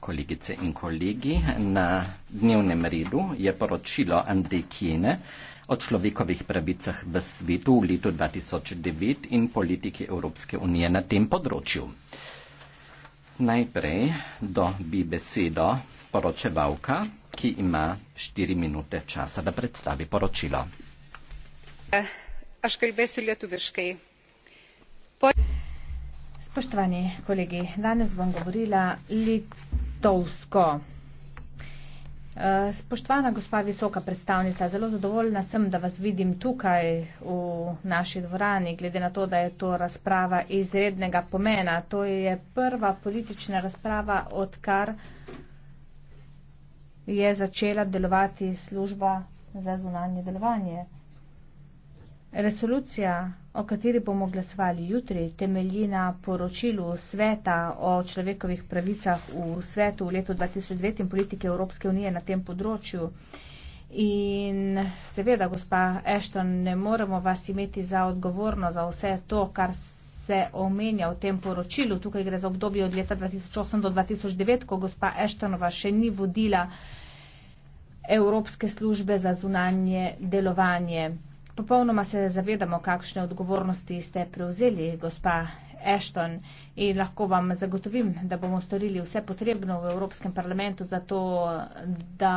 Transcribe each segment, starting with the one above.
Kolegice in kolegi, na dnevnem redu je poročilo Andrej Kjene o človekovih pravicah v svetu v letu 2009 in politiki Evropske unije na tem področju. Najprej dobi besedo poročevalka, ki ima štiri minute časa, da predstavi poročilo. Eh, aš kalbėsiu lietuviškai. Spoštovani kolegi, danes bom govorila litovsko. Eh, spoštovana gospa visoka predstavnica, zelo zadovoljna sem, da vas vidim tukaj v naši dvorani, glede na to, da je to razprava izrednega pomena. To je prva politična razprava, odkar je začela delovati služba za zunanje delovanje. Resolucija o kateri bomo glasovali jutri, temelji na poročilu sveta o človekovih pravicah v svetu v letu 2009 in politike Evropske unije na tem področju. In seveda, gospa Ešton, ne moremo vas imeti za odgovorno za vse to, kar se omenja v tem poročilu. Tukaj gre za obdobje od leta 2008 do 2009, ko gospa Eštonova še ni vodila Evropske službe za zunanje delovanje. Popolnoma se zavedamo, kakšne odgovornosti ste prevzeli, gospa Ashton in lahko vam zagotovim, da bomo storili vse potrebno v Evropskem parlamentu za to, da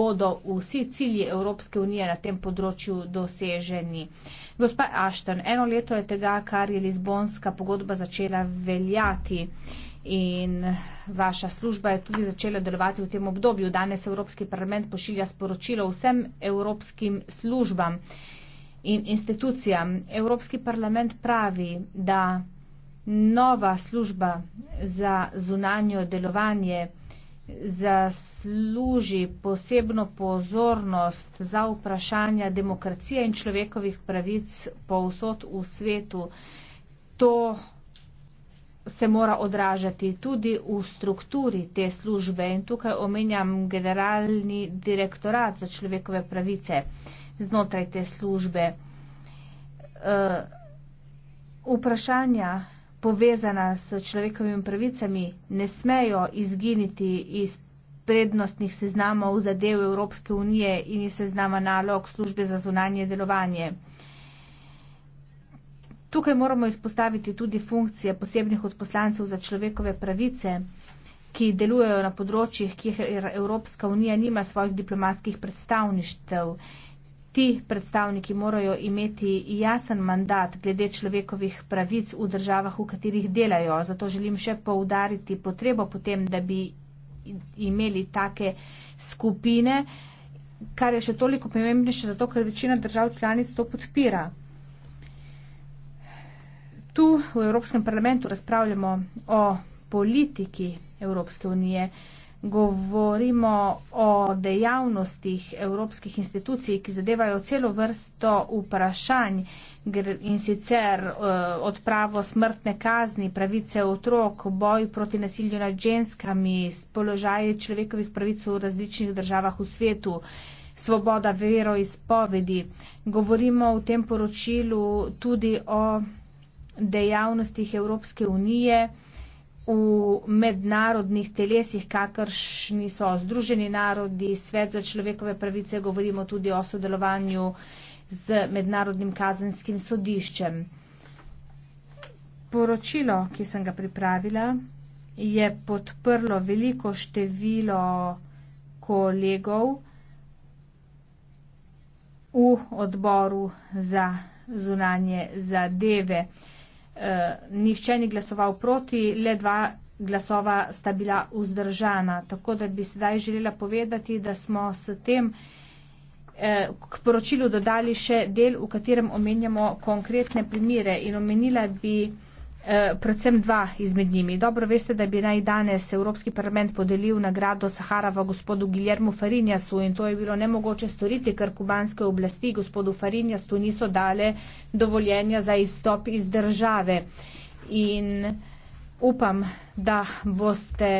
bodo vsi cilji Evropske unije na tem področju doseženi. Gospa Ashton, eno leto je tega, kar je Lizbonska pogodba začela veljati. In vaša služba je tudi začela delovati v tem obdobju. Danes Evropski parlament pošilja sporočilo vsem evropskim službam in institucijam. Evropski parlament pravi, da nova služba za zunanjo delovanje zasluži posebno pozornost za vprašanja demokracije in človekovih pravic povsod v svetu. To se mora odražati tudi v strukturi te službe in tukaj omenjam generalni direktorat za človekove pravice znotraj te službe. E, vprašanja povezana s človekovimi pravicami ne smejo izginiti iz prednostnih seznamov zadev Evropske unije in iz seznama nalog službe za zunanje delovanje. Tukaj moramo izpostaviti tudi funkcije posebnih odposlancev za človekove pravice, ki delujejo na področjih, kjer Evropska unija nima svojih diplomatskih predstavništev. Ti predstavniki morajo imeti jasen mandat glede človekovih pravic v državah, v katerih delajo. Zato želim še poudariti potrebo potem, da bi imeli take skupine, kar je še toliko pomembnejše, zato ker večina držav članic to podpira. Tu v Evropskem parlamentu razpravljamo o politiki Evropske unije. Uh, govorimo o dejavnostih evropskih institucij, ki zadevajo celo vrsto vprašanj in sicer eh, odpravo smrtne kazni, pravice otrok, boj proti nasilju nad ženskami, položaje človekovih pravic v različnih državah v svetu, svoboda veroizpovedi. Govorimo v tem poročilu tudi o dejavnostih Evropske unije, v mednarodnih telesih, kakršni so Združeni narodi, Svet za človekove pravice, govorimo tudi o sodelovanju z mednarodnim kazenskim sodiščem. Poročilo, ki sem ga pripravila, je podprlo veliko število kolegov v odboru za zunanje zadeve. Eh, nihče ni glasoval proti, le dva glasova sta bila vzdržana. Tako da bi sedaj želela povedati, da smo s tem eh, k poročilu dodali še del, v katerem omenjamo konkretne primere in omenila bi Eh, predvsem dva izmed njimi. Dobro veste, da bi naj danes Evropski parlament podelil nagrado Saharava gospodu Guillermo Farinjasu in to je bilo nemogoče storiti, ker kubanske oblasti gospodu Farinjasu niso dale dovoljenja za izstop iz države. In upam, da boste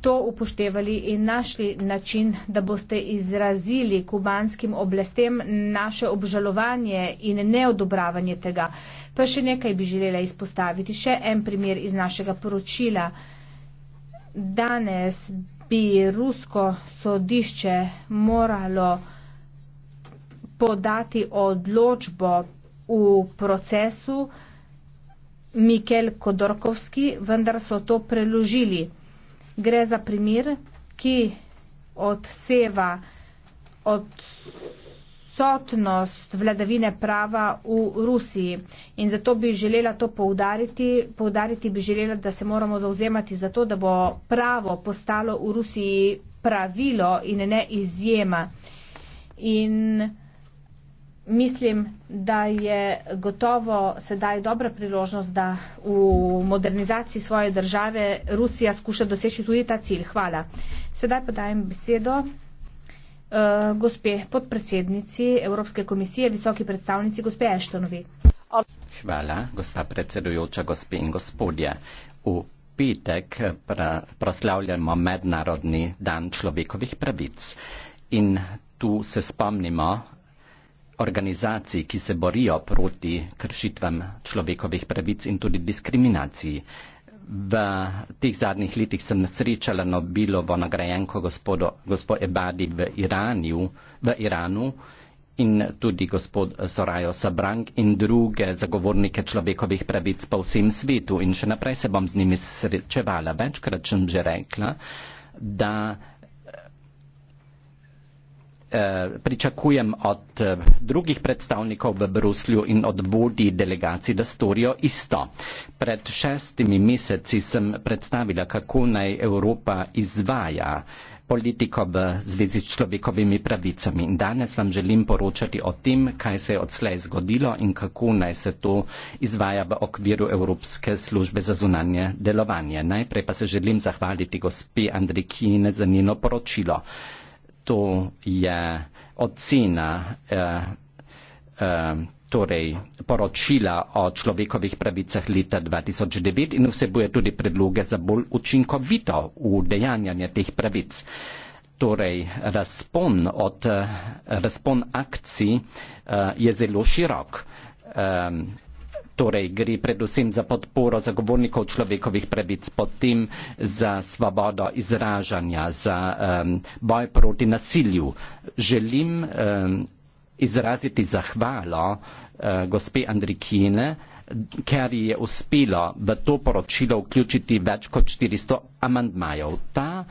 to upoštevali in našli način, da boste izrazili kubanskim oblastem naše obžalovanje in neodobravanje tega. Pa še nekaj bi želela izpostaviti. Še en primer iz našega poročila. Danes bi rusko sodišče moralo podati odločbo v procesu Mikel Kodorkovski, vendar so to preložili. Gre za primer, ki odseva od odsotnost vladavine prava v Rusiji. In zato bi želela to poudariti. Poudariti bi želela, da se moramo zauzemati za to, da bo pravo postalo v Rusiji pravilo in ne izjema. In mislim, da je gotovo sedaj dobra priložnost, da v modernizaciji svoje države Rusija skuša doseči tudi ta cilj. Hvala. Sedaj pa dajem besedo uh, gospe podpredsednici Evropske komisije, visoki predstavnici gospe Eštonovi. Hvala, gospa predsedujoča, gospe in gospodje. V petek pra, proslavljamo Mednarodni dan človekovih pravic in tu se spomnimo organizacij, ki se borijo proti kršitvam človekovih pravic in tudi diskriminaciji v teh zadnjih letih sem srečala Nobelovo nagrajenko gospodo, gospod Ebadi v, Iraniju, v Iranu in tudi gospod Sorajo Sabrang in druge zagovornike človekovih pravic po vsem svetu. In še naprej se bom z njimi srečevala. Večkrat sem že rekla, da Eh, pričakujem od eh, drugih predstavnikov v Bruslju in od vodij delegacij, da storijo isto. Pred šestimi meseci sem predstavila, kako naj Evropa izvaja politiko v zvezi s človekovimi pravicami. Danes vam želim poročati o tem, kaj se je odslej zgodilo in kako naj se to izvaja v okviru Evropske službe za zunanje delovanje. Najprej pa se želim zahvaliti gospe Andrikine za njeno poročilo. Uh, to je ocena eh, eh, torej poročila o človekovih pravicah leta 2009 in vsebuje tudi predloge za bolj učinkovito udejanjanje teh pravic. Torej, razpon, od, eh, razpon akcij eh, je zelo širok. Eh, torej gre predvsem za podporo zagovornikov človekovih pravic, potem za svobodo izražanja, za um, boj proti nasilju. Želim um, izraziti zahvalo uh, gospe Andrikine, ker ji je uspelo v to poročilo vključiti več kot 400 amandmajev. Ta,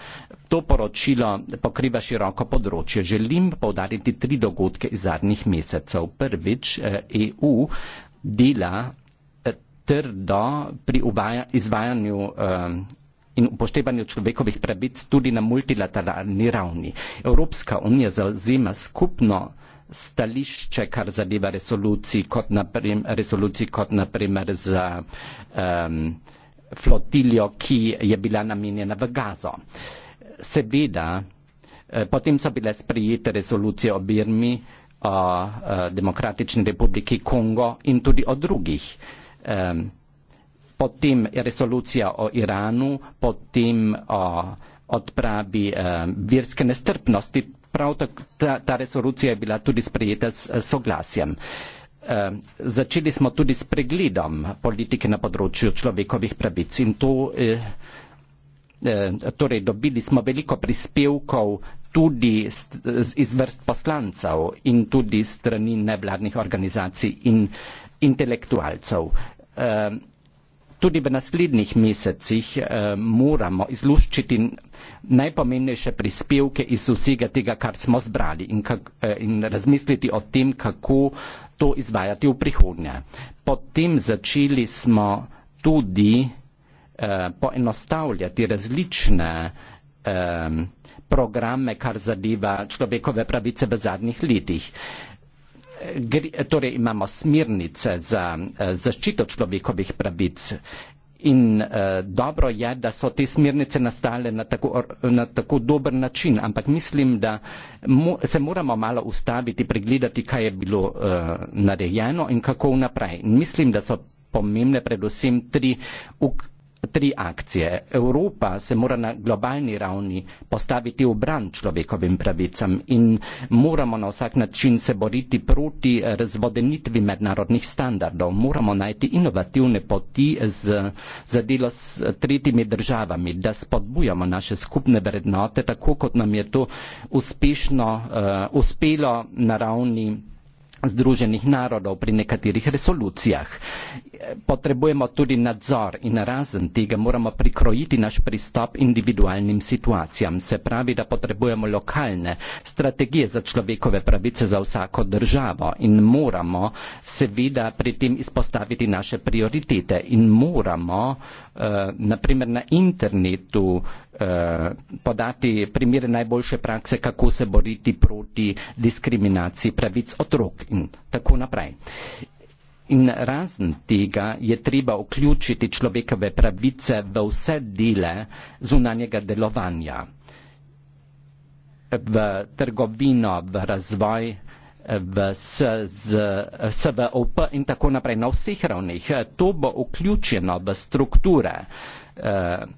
to poročilo pokriva široko področje. Želim povdariti tri dogodke iz zadnjih mesecev. Prvič, EU e dela eh, trdo pri uvaja, izvajanju um, in upoštevanju človekovih pravic tudi na multilateralni ravni. Evropska unija zauzema skupno stališče, kar zadeva resoluciji kot naprimer, resoluciji kot naprimer za um, flotiljo, ki je bila namenjena v gazo. Seveda, eh, potem so bile sprejete resolucije o Birmi, o e, Demokratični republiki Kongo in tudi o drugih. E, potem resolucija o Iranu, potem o odpravi e, virske nestrpnosti, prav tako ta, ta resolucija je bila tudi sprejeta s soglasjem. Začeli smo tudi s pregledom politike na področju človekovih pravic in to Eh, torej dobili smo veliko prispevkov tudi iz vrst poslancev in tudi strani nevladnih organizacij in intelektualcev. Eh, tudi v naslednjih mesecih eh, moramo izluščiti najpomembnejše prispevke iz vsega tega, kar smo zbrali in, kak, in razmisliti o tem, kako to izvajati v prihodnje. Potem začeli smo tudi Eh, poenostavljati različne programe, kar zadeva človekove pravice v zadnjih letih. Torej imamo smirnice za eh, zaščito človekovih pravic in eh, dobro je, da so te smirnice nastale na tako, na tako dober način, ampak mislim, da se moramo malo ustaviti, pregledati, kaj je bilo narejeno in kako naprej. Mislim, da so pomembne predvsem tri ukrepe tri akcije. Evropa se mora na globalni ravni postaviti v bran človekovim pravicam in moramo na vsak način se boriti proti razvodenitvi mednarodnih standardov. Moramo najti inovativne poti z, za delo s tretjimi državami, da spodbujamo naše skupne vrednote, tako kot nam je to uspešno uh, uspelo na ravni Združenih narodov pri nekaterih resolucijah. Potrebujemo tudi nadzor in razen tega moramo prikrojiti naš pristop individualnim situacijam. Se pravi, da potrebujemo lokalne strategije za človekove pravice za vsako državo in moramo seveda pri tem izpostaviti naše prioritete in moramo uh, eh, naprimer na internetu uh, Eh, podati primere najboljše prakse, kako se boriti proti diskriminaciji pravic otrok in tako naprej. In razen tega je treba vključiti človekove pravice v vse dele zunanjega delovanja, v trgovino, v razvoj, v SVOP in tako naprej na vseh ravnih. To bo vključeno v strukture. Uh,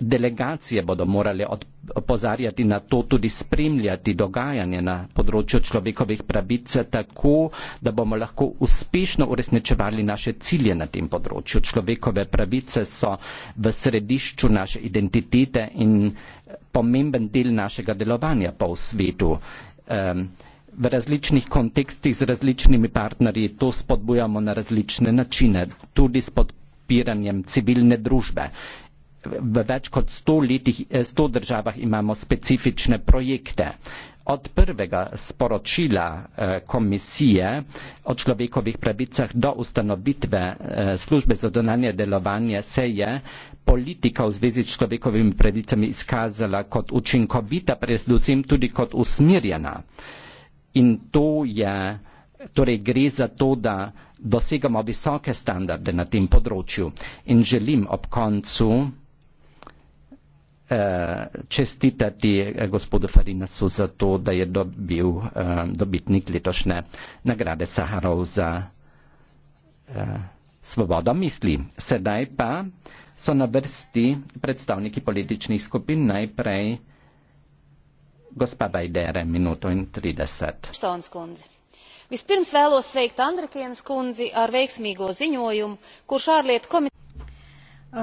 delegacije bodo morale opozarjati na to, tudi spremljati dogajanje na področju človekovih pravic, tako da bomo lahko uspešno uresničevali naše cilje na tem področju. Človekove pravice so v središču naše identitete in eh, pomemben del našega delovanja po svetu. Um, v različnih kontekstih z različnimi partnerji to spodbujamo na različne načine, tudi s podpiranjem civilne družbe v več kot 100, letih, 100 eh, državah imamo specifične projekte. Od prvega sporočila eh, komisije o človekovih pravicah do ustanovitve eh, službe za donanje delovanje se je politika v zvezi s človekovimi pravicami izkazala kot učinkovita, predvsem tudi kot usmirjena. In to je, torej gre za to, da dosegamo visoke standarde na tem področju. In želim ob koncu Eh, čestitati eh, gospodu Farinasu za to, da je dobil uh, dobitnik letošnje nagrade Saharov za uh, svobodo misli. Sedaj pa so na vrsti predstavniki političnih skupin najprej gospa Bajdere, minuto in trideset. Vispirms vēlos sveikt Andrikienas kundzi ar veiksmīgo ziņojumu, kurš ārlietu komiteja. Uh,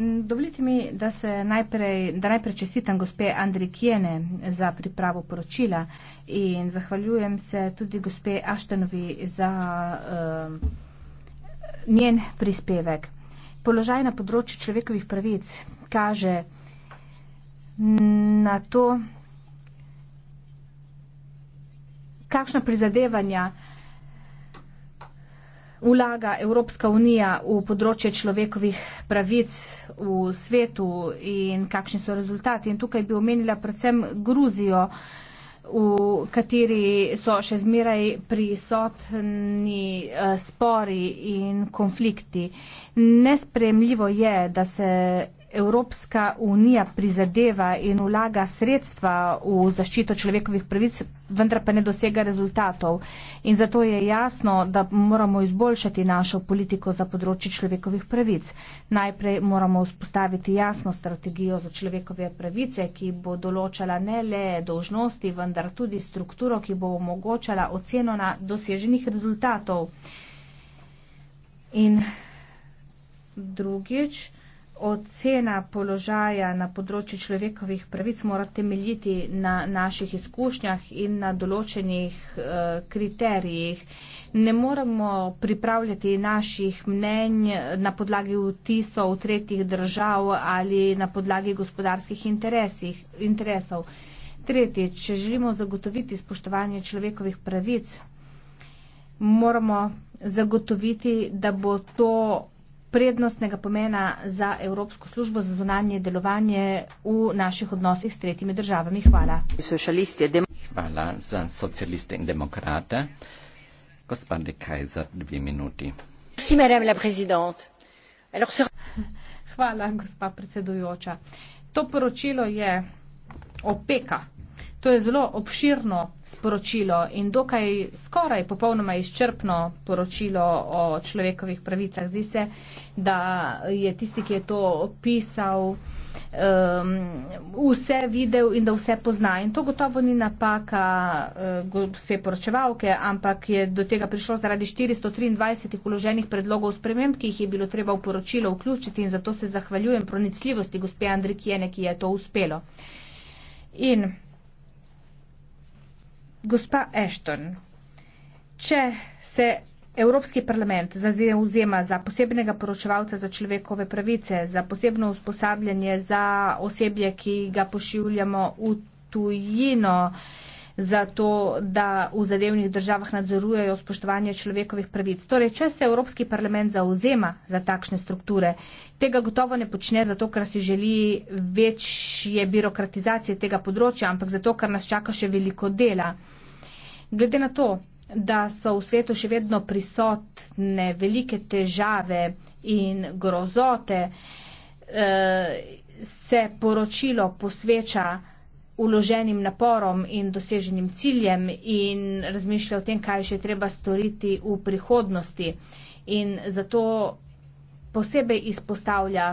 Mm, dovolite mi, da, se najprej, da najprej čestitam gospe Andri Kijene za pripravo poročila in zahvaljujem se tudi gospe Aštenovi za uh, njen prispevek. Položaj na področju človekovih pravic kaže na to, kakšna prizadevanja vlaga Evropska unija v področje človekovih pravic v svetu in kakšni so rezultati. In tukaj bi omenila predvsem Gruzijo, v kateri so še zmeraj prisotni eh, spori in konflikti. Nespremljivo je, da se Evropska unija prizadeva in vlaga sredstva v zaščito človekovih pravic, vendar pa ne dosega rezultatov. In zato je jasno, da moramo izboljšati našo politiko za področje človekovih pravic. Najprej moramo vzpostaviti jasno strategijo za človekove pravice, ki bo določala ne le dožnosti, vendar tudi strukturo, ki bo omogočala oceno na doseženih rezultatov. In drugič, ocena položaja na področju človekovih pravic mora temeljiti na naših izkušnjah in na določenih uh, kriterijih. Ne moramo pripravljati naših mnenj na podlagi vtisov tretjih držav ali na podlagi gospodarskih interesov. Tretjič, če želimo zagotoviti spoštovanje človekovih pravic, moramo zagotoviti, da bo to prednostnega pomena za Evropsko službo za zunanje delovanje v naših odnosih s tretjimi državami. Hvala. Hvala za socialiste in demokrate. Gospod Dekaj za dve minuti. Hvala, gospa predsedujoča. To poročilo je opeka. To je zelo obširno sporočilo in dokaj skoraj popolnoma izčrpno poročilo o človekovih pravicah. Zdi se, da je tisti, ki je to opisal, um, vse videl in da vse pozna. In to gotovo ni napaka vse eh, uh, poročevalke, ampak je do tega prišlo zaradi 423 uloženih predlogov sprememb, ki jih je bilo treba v poročilo vključiti in zato se zahvaljujem pronicljivosti gospe Andrikijene, ki je to uspelo. In Gospa Ashton, če se Evropski parlament zauzema za posebnega poročevalca za človekove pravice, za posebno usposabljanje za osebje, ki ga pošiljamo v tujino, za to, da v zadevnih državah nadzorujejo spoštovanje človekovih pravic. Torej, če se Evropski parlament zauzema za takšne strukture, tega gotovo ne počne zato, ker si želi večje birokratizacije tega področja, ampak zato, ker nas čaka še veliko dela. Glede na to, da so v svetu še vedno prisotne velike težave in grozote, eh, se poročilo posveča vloženim naporom in doseženim ciljem in razmišlja o tem, kaj še treba storiti v prihodnosti. In zato posebej izpostavlja,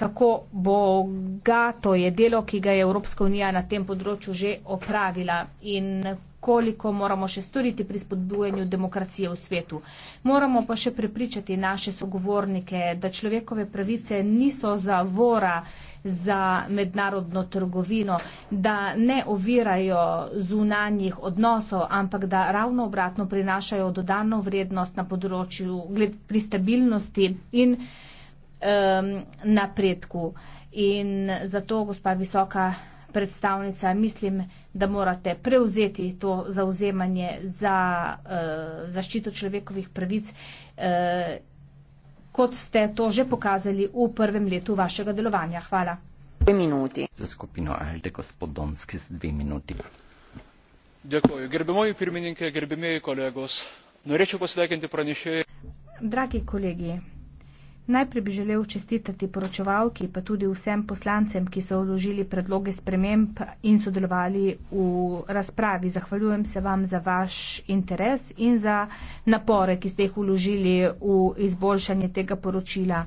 kako bogato je delo, ki ga je Evropska unija na tem področju že opravila in koliko moramo še storiti pri spodbujanju demokracije v svetu. Moramo pa še prepričati naše sogovornike, da človekove pravice niso zavora za mednarodno trgovino, da ne ovirajo zunanjih odnosov, ampak da ravno obratno prinašajo dodano vrednost na področju gled, pri stabilnosti in um, napredku. In zato, gospa visoka predstavnica, mislim, da morate prevzeti to zauzemanje za uh, zaščito človekovih pravic. Uh, kot ste to že pokazali v prvem letu vašega delovanja. Hvala. Dve minuti. Za skupino Alde, gospod Donski, z dve minuti. Dekuji. Gerbimoji pirmininke, gerbimoji kolegos, norečem posvegniti pranešeje. Dragi kolegi, Najprej bi želel čestitati poročevalki, pa tudi vsem poslancem, ki so odložili predloge sprememb in sodelovali v razpravi. Zahvaljujem se vam za vaš interes in za napore, ki ste jih uložili v izboljšanje tega poročila.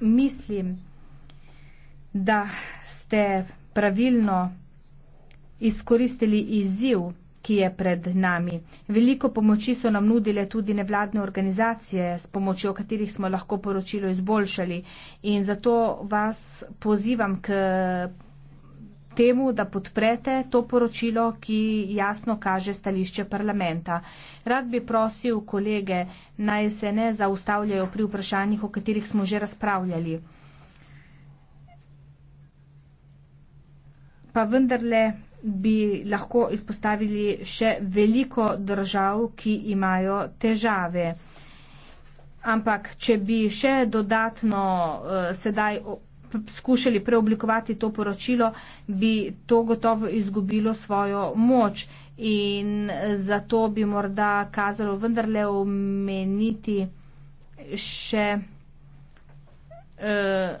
Mislim, da ste pravilno izkoristili izziv ki je pred nami. Veliko pomoči so nam nudile tudi nevladne organizacije, s pomočjo katerih smo lahko poročilo izboljšali. In zato vas pozivam k temu, da podprete to poročilo, ki jasno kaže stališče parlamenta. Rad bi prosil kolege, naj se ne zaustavljajo pri vprašanjih, o katerih smo že razpravljali. Pa vendarle bi lahko izpostavili še veliko držav, ki imajo težave. Ampak, če bi še dodatno uh, sedaj skušali preoblikovati to poročilo, bi to gotovo izgubilo svojo moč in eh, zato bi morda kazalo vendarle omeniti še uh,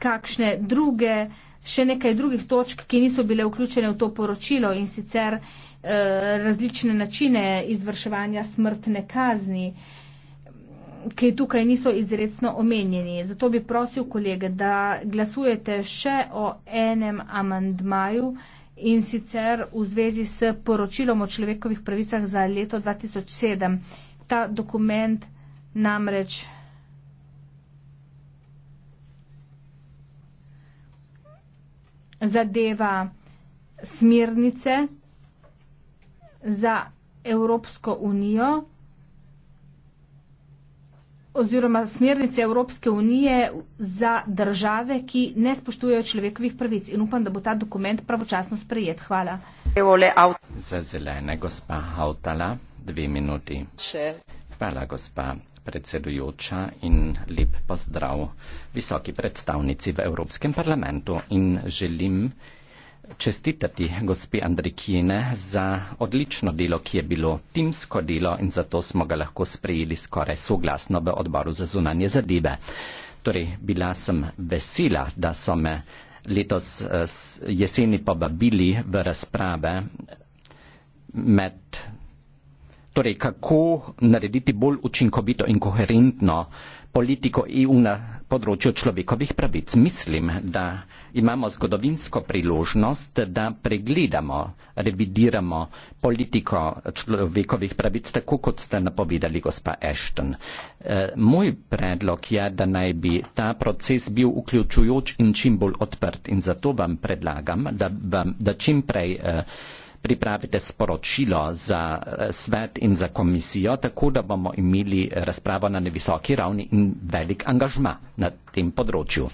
kakšne druge uh, še nekaj drugih točk, ki niso bile vključene v to poročilo in sicer eh, različne načine izvrševanja smrtne kazni, ki tukaj niso izredno omenjeni. Zato bi prosil kolege, da glasujete še o enem amandmaju in sicer v zvezi s poročilom o človekovih pravicah za leto 2007. Ta dokument namreč zadeva smernice za Evropsko unijo oziroma smernice Evropske unije za države, ki ne spoštujejo človekovih pravic. In upam, da bo ta dokument pravočasno sprejet. Hvala. Za zelene, gospa Hautala, dve minuti. Še. Hvala, gospa predsedujoča in lep pozdrav visoki predstavnici v Evropskem parlamentu in želim čestitati gospi Andrikine za odlično delo, ki je bilo timsko delo in zato smo ga lahko sprejeli skoraj soglasno v odboru za zunanje zadeve. Torej, bila sem vesela, da so me letos eh, jeseni pobabili v razprave med torej kako narediti bolj učinkovito in koherentno politiko EU na področju človekovih pravic. Mislim, da imamo zgodovinsko priložnost, da pregledamo, revidiramo politiko človekovih pravic, tako kot ste napovedali, gospa Ashton. E, moj predlog je, da naj bi ta proces bil vključujoč in čim bolj odprt. In zato vam predlagam, da, da čim prej. E, pripravite sporočilo za eh, svet in za komisijo, tako da bomo imeli razpravo na nevisoki ravni in velik angažma na tem področju.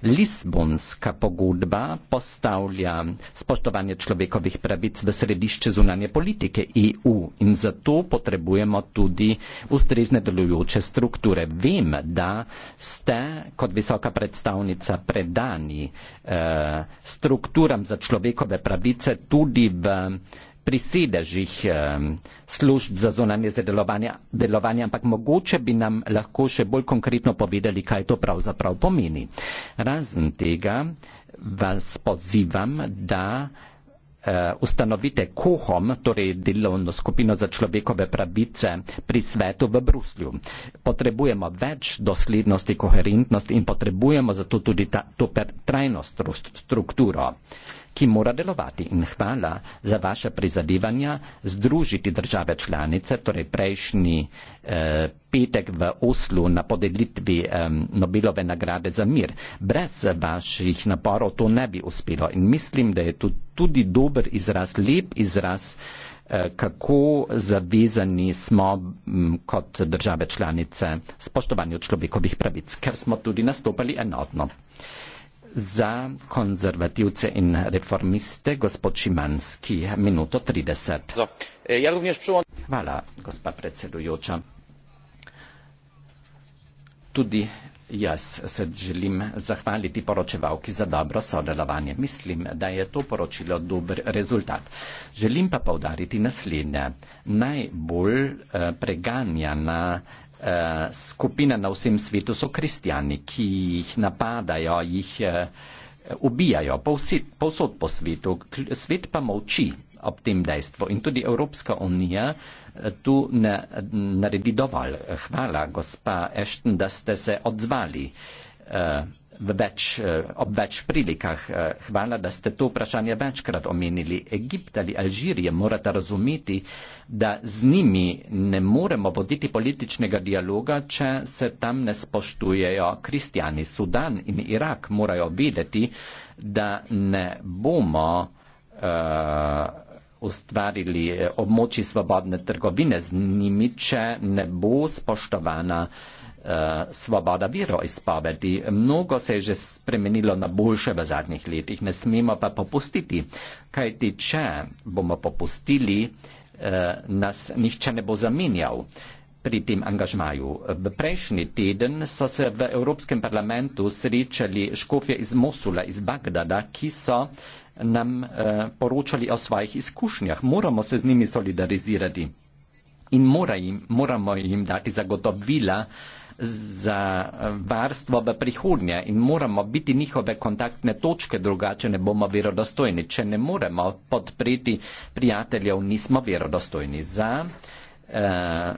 Lisbonska pogodba postavlja spoštovanje človekovih pravic v središče zunanje politike EU in zato potrebujemo tudi ustrezne delujoče strukture. Vem, da ste kot visoka predstavnica predani eh, strukturam za človekove pravice tudi v eh, pri sedežih služb za zunanje delovanje, ampak mogoče bi nam lahko še bolj konkretno povedali, kaj to pravzaprav pomeni. Razen tega vas pozivam, da eh, ustanovite kohom, torej delovno skupino za človekove pravice pri svetu v Bruslju. Potrebujemo več doslednosti, koherentnosti in potrebujemo zato tudi to trajnost strukturo ki mora delovati in hvala za vaše prizadevanja združiti države članice, torej prejšnji eh, petek v Oslu na podelitvi eh, Nobelove nagrade za mir. Brez vaših naporov to ne bi uspelo in mislim, da je to tudi dober izraz, lep izraz, eh, kako zavezani smo m, kot države članice spoštovanju človekovih pravic, ker smo tudi nastopali enotno. Eh, za konserwatywce i reformistę, gospod Szymanski, minuto 30. E, ja również przyłączam. Wala, gospa predsedująca. Tudi jaz se želim zahvaliti poročevalki za dobro sodelovanje. Mislim, da je to poročilo dober rezultat. Želim pa povdariti naslednje. Najbolj e, preganjana uh, skupine na vsem svetu so kristijani, ki jih napadajo, jih uh, ubijajo povsod po svetu. Svet pa molči ob tem dejstvu in tudi Evropska unija eh, tu ne naredi dovolj. Hvala, gospa Ešten, da ste se odzvali. Uh, več, eh, ob več prilikah. Eh, hvala, da ste to vprašanje večkrat omenili. Egipt ali Alžirije morate razumeti, da z njimi ne moremo voditi političnega dialoga, če se tam ne spoštujejo kristijani. Sudan in Irak morajo vedeti, da ne bomo uh, ustvarili območji svobodne trgovine z njimi, če ne bo spoštovana uh, Eh, svoboda veroizpovedi. Mnogo se je že spremenilo na boljše v zadnjih letih, ne smemo pa popustiti, kajti če bomo popustili, eh, nas nihče ne bo zamenjal pri tem angažmaju. V prejšnji teden so se v Evropskem parlamentu srečali škofje iz Mosula, iz Bagdada, ki so nam eh, poročali o svojih izkušnjah. Moramo se z njimi solidarizirati in moramo jim dati zagotovila, za eh, varstvo v prihodnje in moramo biti njihove kontaktne točke, drugače ne bomo verodostojni. Če ne moremo podpreti prijateljev, nismo verodostojni. Za eh,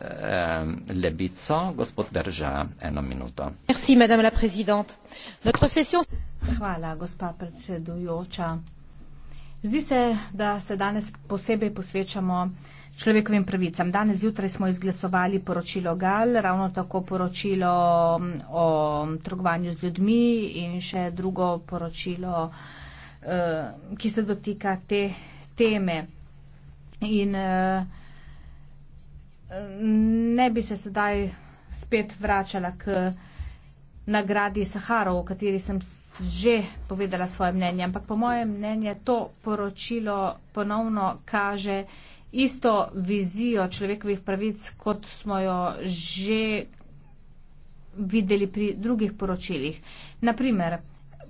eh levico, gospod Drža, eno minuto. Merci, session... Hvala, gospa predsedujoča. Zdi se, da se danes posebej posvečamo človekovim pravicam. Danes zjutraj smo izglasovali poročilo Gal, ravno tako poročilo mm, o trgovanju z ljudmi in še drugo poročilo, eh, ki se dotika te teme. In eh, ne bi se sedaj spet vračala k nagradi Saharov, o kateri sem že povedala svoje mnenje, ampak po mojem mnenju to poročilo ponovno kaže isto vizijo človekovih pravic, kot smo jo že videli pri drugih poročilih. Naprimer,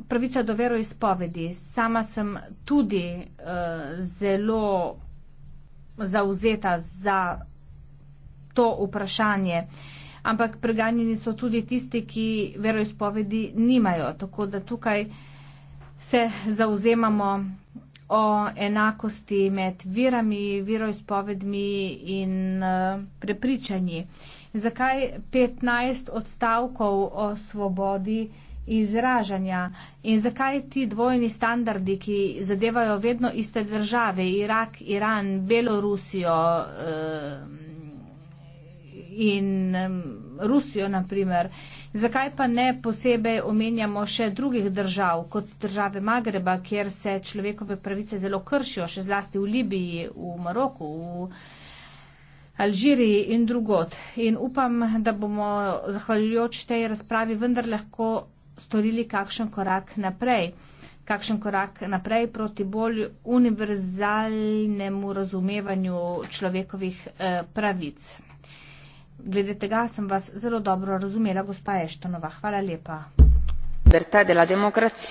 pravica do vero izpovedi. Sama sem tudi uh, zelo zauzeta za to vprašanje, ampak preganjeni so tudi tisti, ki vero izpovedi nimajo. Tako da tukaj se zauzemamo o enakosti med verami, veroizpovedmi in eh, prepričanji. Zakaj 15 odstavkov o svobodi izražanja in zakaj ti dvojni standardi, ki zadevajo vedno iste države, Irak, Iran, Belorusijo, eh, in Rusijo, naprimer. Zakaj pa ne posebej omenjamo še drugih držav, kot države Magreba, kjer se človekove pravice zelo kršijo, še zlasti v Libiji, v Maroku, v Alžiriji in drugot. In upam, da bomo zahvaljujoč tej razpravi vendar lahko storili kakšen korak naprej kakšen korak naprej proti bolj univerzalnemu razumevanju človekovih eh, pravic. Glede tega sem vas zelo dobro razumela, gospa Eštonova. Hvala lepa.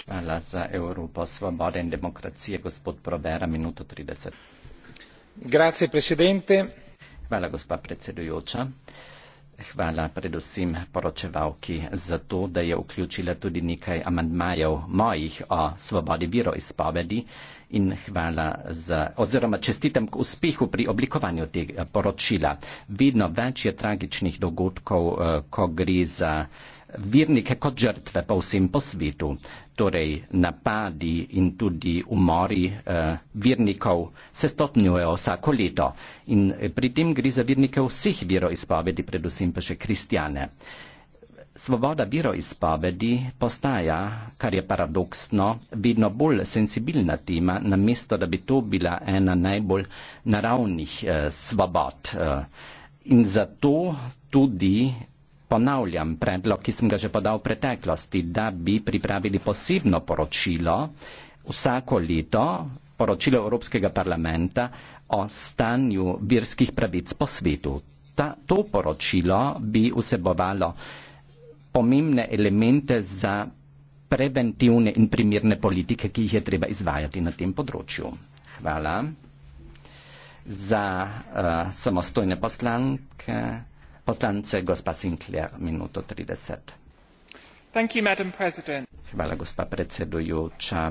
Hvala za Evropo svobode in demokracije, gospod Provera, minuto 30. Grazie, presidente. Hvala, gospa predsedujoča. Hvala predvsem poročevalki za to, da je vključila tudi nekaj amandmajev mojih o svobodi viroizpovedi in hvala za, oziroma čestitam k uspehu pri oblikovanju tega eh, poročila. Vedno več je tragičnih dogodkov, eh, ko gre za virnike kot žrtve po vsem posvetu. Torej napadi in tudi umori eh, virnikov se stopnjujejo vsako leto. In eh, pri tem gre za virnike vseh veroizpovedi, predvsem pa še kristjane. Svoboda veroizpovedi postaja, kar je paradoksno, vedno bolj sensibilna tema, namesto da bi to bila ena najbolj naravnih eh, svobod. Eh. In zato tudi ponavljam predlog, ki sem ga že podal v preteklosti, da bi pripravili posebno poročilo vsako leto, poročilo Evropskega parlamenta o stanju verskih pravic po svetu. Ta, to poročilo bi vsebovalo pomembne elemente za preventivne in primirne politike, ki jih je treba izvajati na tem področju. Hvala za uh, samostojne poslanke, poslance, gospa Sinclair, minuto 30. Thank you, Hvala, gospa predsedujoča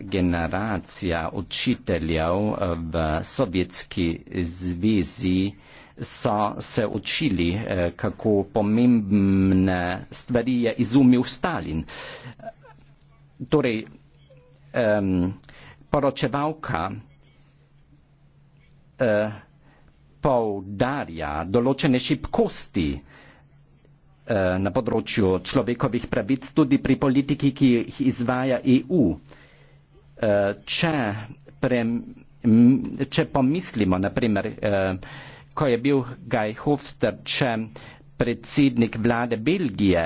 generacija učiteljev eh, v Sovjetski zvezi so se učili, eh, kako pomembne stvari je izumil Stalin. Torej, um, poročevalka uh, eh, povdarja določene šibkosti na področju človekovih pravic, tudi pri politiki, ki jih izvaja EU. Eh, če, pre, če pomislimo, naprimer, eh, ko je bil Gaj Hofster, če predsednik vlade Belgije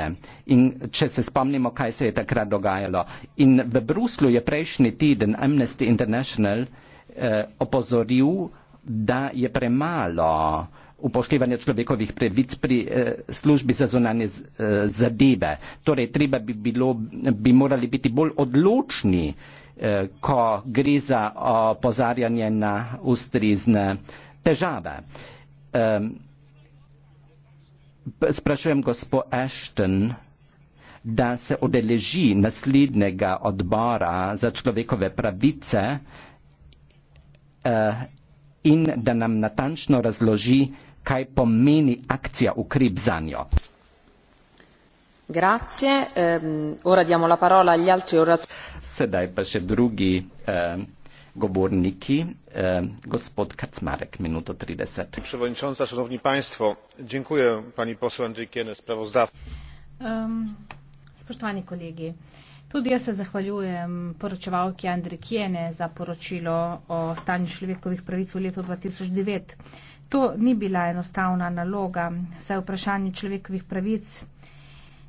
in če se spomnimo, kaj se je takrat dogajalo. In v Bruslu je prejšnji teden Amnesty International eh, opozoril, da je premalo upoštevanja človekovih pravic pri eh, službi za zunanje eh, zadeve. Torej, treba bi, bilo, bi morali biti bolj odločni eh, Eh, ko gre za opozarjanje na ustrezne težave. Sprašujem gospo Ashton, da se odeleži naslednjega odbora za človekove pravice eh, in da nam natančno razloži, kaj pomeni akcija ukrep za njo. Grazie. Um, ora diamo la parola agli altri oratori. Sedaj pa še drugi um, govorniki. Um, gospod Kacmarek, minuto 30. Przewodnicząca, szanowni państwo, dziękuję pani poseł Andrzejkiene, sprawozdawca. Um, spoštovani kolegi, tudi jaz se zahvaljujem poročevalki Andri Kijene za poročilo o stanju človekovih pravic v letu 2009. To ni bila enostavna naloga, saj vprašanje človekovih pravic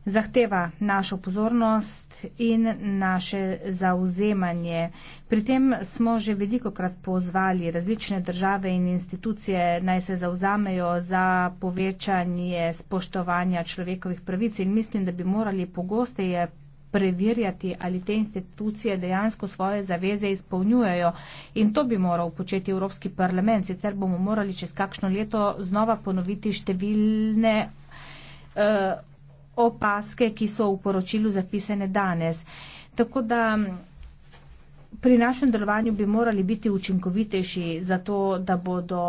zahteva našo pozornost in naše zauzemanje. Pri tem smo že veliko krat pozvali različne države in institucije naj se zauzamejo za povečanje spoštovanja človekovih pravic in mislim, da bi morali pogosteje preverjati, ali te institucije dejansko svoje zaveze izpolnjujejo. In to bi moral početi Evropski parlament, sicer bomo morali čez kakšno leto znova ponoviti številne uh, opaske, ki so v poročilu zapisane danes. Tako da pri našem delovanju bi morali biti učinkovitejši za to, da bodo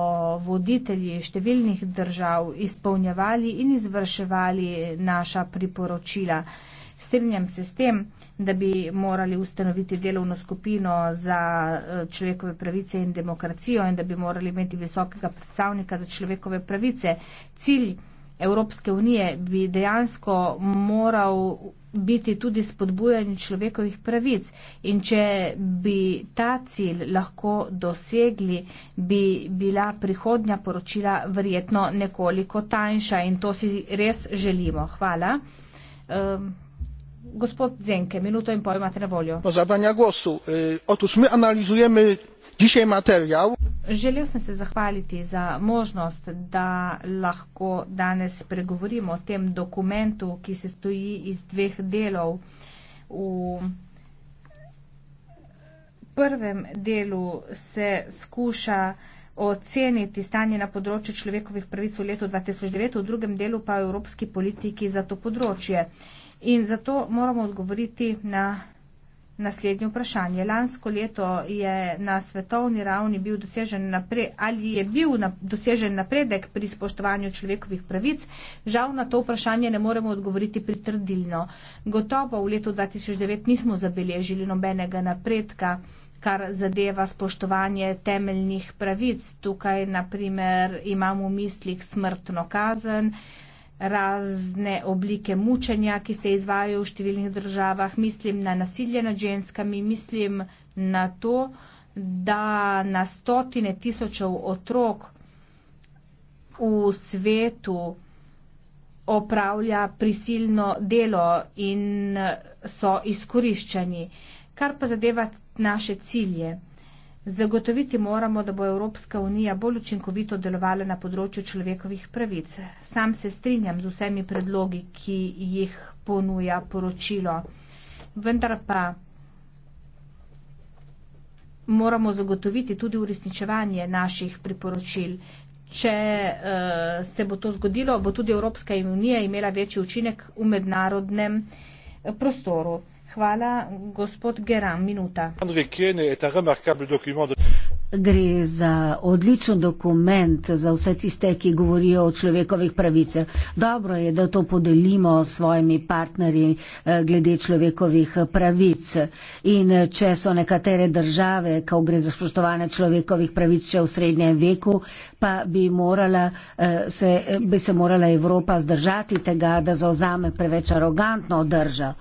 voditelji številnih držav izpolnjevali in izvrševali naša priporočila. Strinjam se s tem, da bi morali ustanoviti delovno skupino za e, človekove pravice in demokracijo in da bi morali imeti visokega predstavnika za človekove pravice. Cilj Evropske unije bi dejansko moral biti tudi spodbujanje človekovih pravic. In če bi ta cilj lahko dosegli, bi bila prihodnja poročila verjetno nekoliko tanjša in to si res želimo. Hvala. Um, gospod Zenke, minuto in pol imate na voljo. Po zabranja glasu. E, otus, mi analizujemo dišej materijal. Želel sem se zahvaliti za možnost, da lahko danes pregovorimo o tem dokumentu, ki se stoji iz dveh delov. V prvem delu se skuša oceniti stanje na področju človekovih pravic v letu 2009, v drugem delu pa evropski politiki za to področje. In zato moramo odgovoriti na Naslednje vprašanje. Lansko leto je na svetovni ravni bil dosežen napredek, ali je bil na, dosežen napredek pri spoštovanju človekovih pravic. Žal na to vprašanje ne moremo odgovoriti pritrdilno. Gotovo v letu 2009 nismo zabeležili nobenega napredka, kar zadeva spoštovanje temeljnih pravic. Tukaj naprimer imamo v mislih smrtno kazen razne oblike mučenja, ki se izvajajo v številnih državah, mislim na nasilje nad ženskami, mislim na to, da na stotine tisočev otrok v svetu opravlja prisilno delo in so izkoriščeni. Kar pa zadeva naše cilje. Zagotoviti moramo, da bo Evropska unija bolj učinkovito delovala na področju človekovih pravic. Sam se strinjam z vsemi predlogi, ki jih ponuja poročilo. Vendar pa moramo zagotoviti tudi uresničevanje naših priporočil. Če uh, se bo to zgodilo, bo tudi Evropska unija imela večji učinek v mednarodnem eh, prostoru. Gre za odličen dokument za vse tiste, ki govorijo o človekovih pravicah. Dobro je, da to podelimo s svojimi partnerji eh, glede človekovih eh, pravic. In eh, če so nekatere države, ko gre za spoštovanje človekovih pravic še v srednjem veku, pa bi, morala, se, bi se morala Evropa zdržati tega, da zauzame preveč arogantno držo.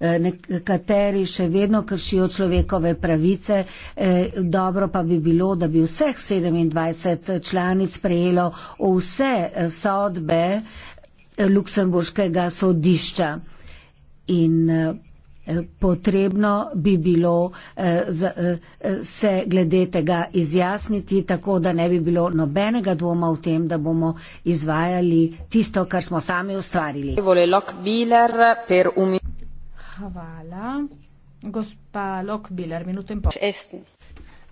Eh, nekateri še vedno kršijo človekove pravice. Eh, dobro pa bi bilo, da bi vseh 27 članic prejelo vse eh, sodbe Luksemburškega sodišča. In potrebno bi bilo se glede tega izjasniti, tako da ne bi bilo nobenega dvoma v tem, da bomo izvajali tisto, kar smo sami ustvarili. Vole, lok, biler, per, um... Hvala. Gospa Lokbiler, minuto in pol.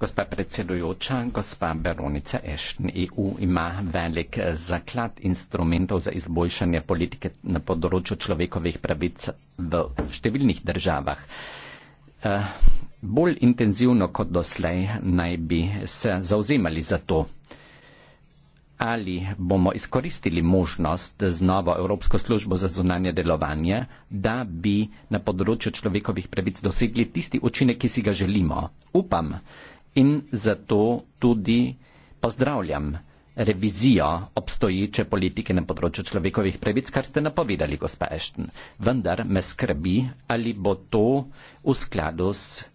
Gospa predsedujoča, gospa Veronica Ešten, EU ima velik eh, zaklad instrumentov za izboljšanje politike na področju človekovih pravic v številnih državah. Eh, bolj intenzivno kot doslej naj bi se zauzemali za to ali bomo izkoristili možnost z novo Evropsko službo za zunanje delovanje, da bi na področju človekovih pravic dosegli tisti učinek, ki si ga želimo. Upam in zato tudi pozdravljam revizijo obstoječe politike na področju človekovih pravic, kar ste napovedali, gospa Ešten. Vendar me skrbi, ali bo to v skladu s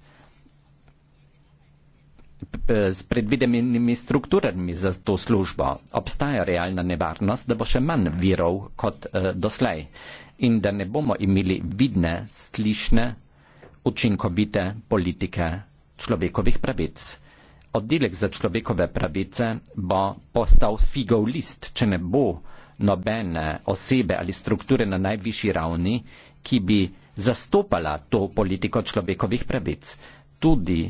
s predvidenimi strukturami za to službo, obstaja realna nevarnost, da bo še manj virov kot uh, doslej in da ne bomo imeli vidne, slišne, učinkovite politike človekovih pravic. Oddelek za človekove pravice bo postal figov list, če ne bo nobene osebe ali strukture na najvišji ravni, ki bi zastopala to politiko človekovih pravic. Tudi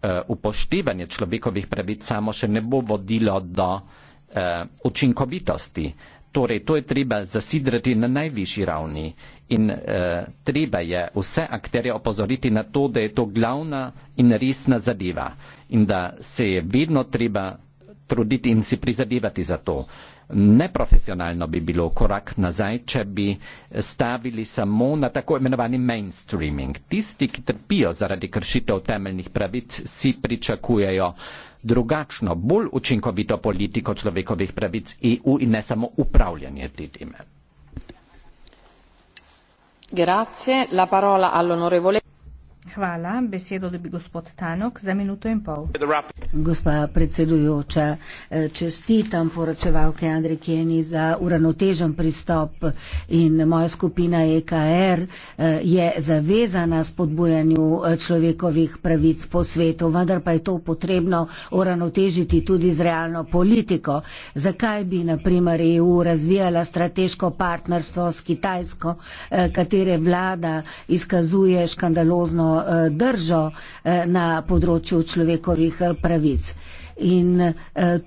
Eh, upoštevanje človekovih pravic samo še ne bo vodilo do eh, učinkovitosti. Torej, to je treba zasidrati na najvišji ravni in eh, treba je vse akterje opozoriti na to, da je to glavna in resna zadeva in da se je vedno treba truditi in si prizadevati za to neprofesionalno bi bilo korak nazaj, če bi stavili samo na tako imenovani mainstreaming. Tisti, ki trpijo zaradi kršitev temeljnih pravic, si pričakujejo drugačno, bolj učinkovito politiko človekovih pravic EU in ne samo upravljanje te teme. Grazie, Hvala. Besedo dobi gospod Tanok za minuto in pol. Gospa predsedujoča, eh, čestitam poročevalke Andrej Keni za uravnotežen pristop in moja skupina EKR eh, je zavezana spodbujanju eh, človekovih pravic po svetu, vendar pa je to potrebno uravnotežiti tudi z realno politiko. Zakaj bi na primer EU razvijala strateško partnerstvo s Kitajsko, katere vlada izkazuje škandalozno Eh, držo eh, na področju človekovih eh, pravic. In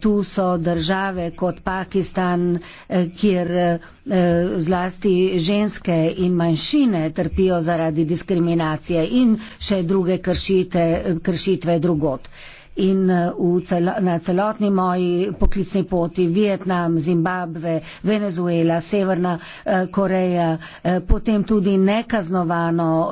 tu so države kot Pakistan, kjer zlasti ženske in manjšine trpijo zaradi diskriminacije in še druge kršite, kršitve drugot in eh, celo, na celotni moji poklicni poti Vietnam, Zimbabve, Venezuela, Severna eh, Koreja, eh, potem tudi nekaznovano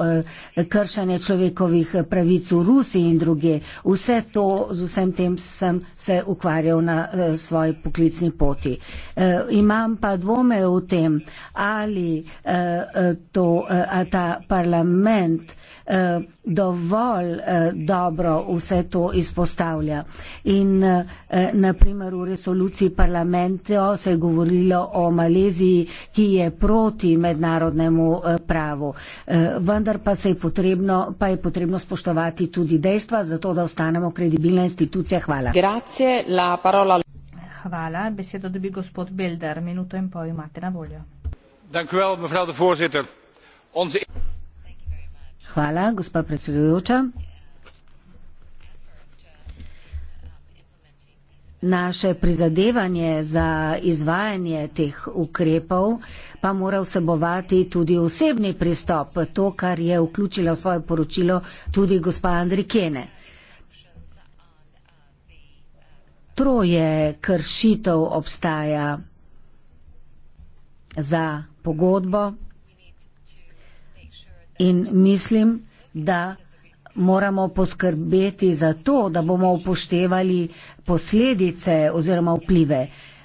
eh, kršanje človekovih eh, pravic v Rusiji in druge. Vse to, z vsem tem sem se ukvarjal na eh, svoji poklicni poti. Eh, imam pa dvome o tem, ali eh, eh to, eh, ta parlament eh, eh, dovolj eh, dobro vse to izpostavlja. In eh, naprimer v resoluciji parlamenta se je govorilo o Maleziji, ki je proti mednarodnemu eh, pravu. Eh, vendar pa, je potrebno, pa je potrebno spoštovati tudi dejstva, zato da ostanemo kredibilna institucija. Hvala. Grazie, Hvala. Besedo dobi gospod Belder. Minuto in pol imate na voljo. Dank u wel, mevrouw de voorzitter. Onze... Hvala, gospa predsedujoča. Naše prizadevanje za izvajanje teh ukrepov pa mora vsebovati tudi osebni pristop, to, kar je vključila v svoje poročilo tudi gospa Andrikene. Troje kršitev obstaja za pogodbo in mislim, da moramo poskrbeti za to, da bomo upoštevali posledice oziroma vplive.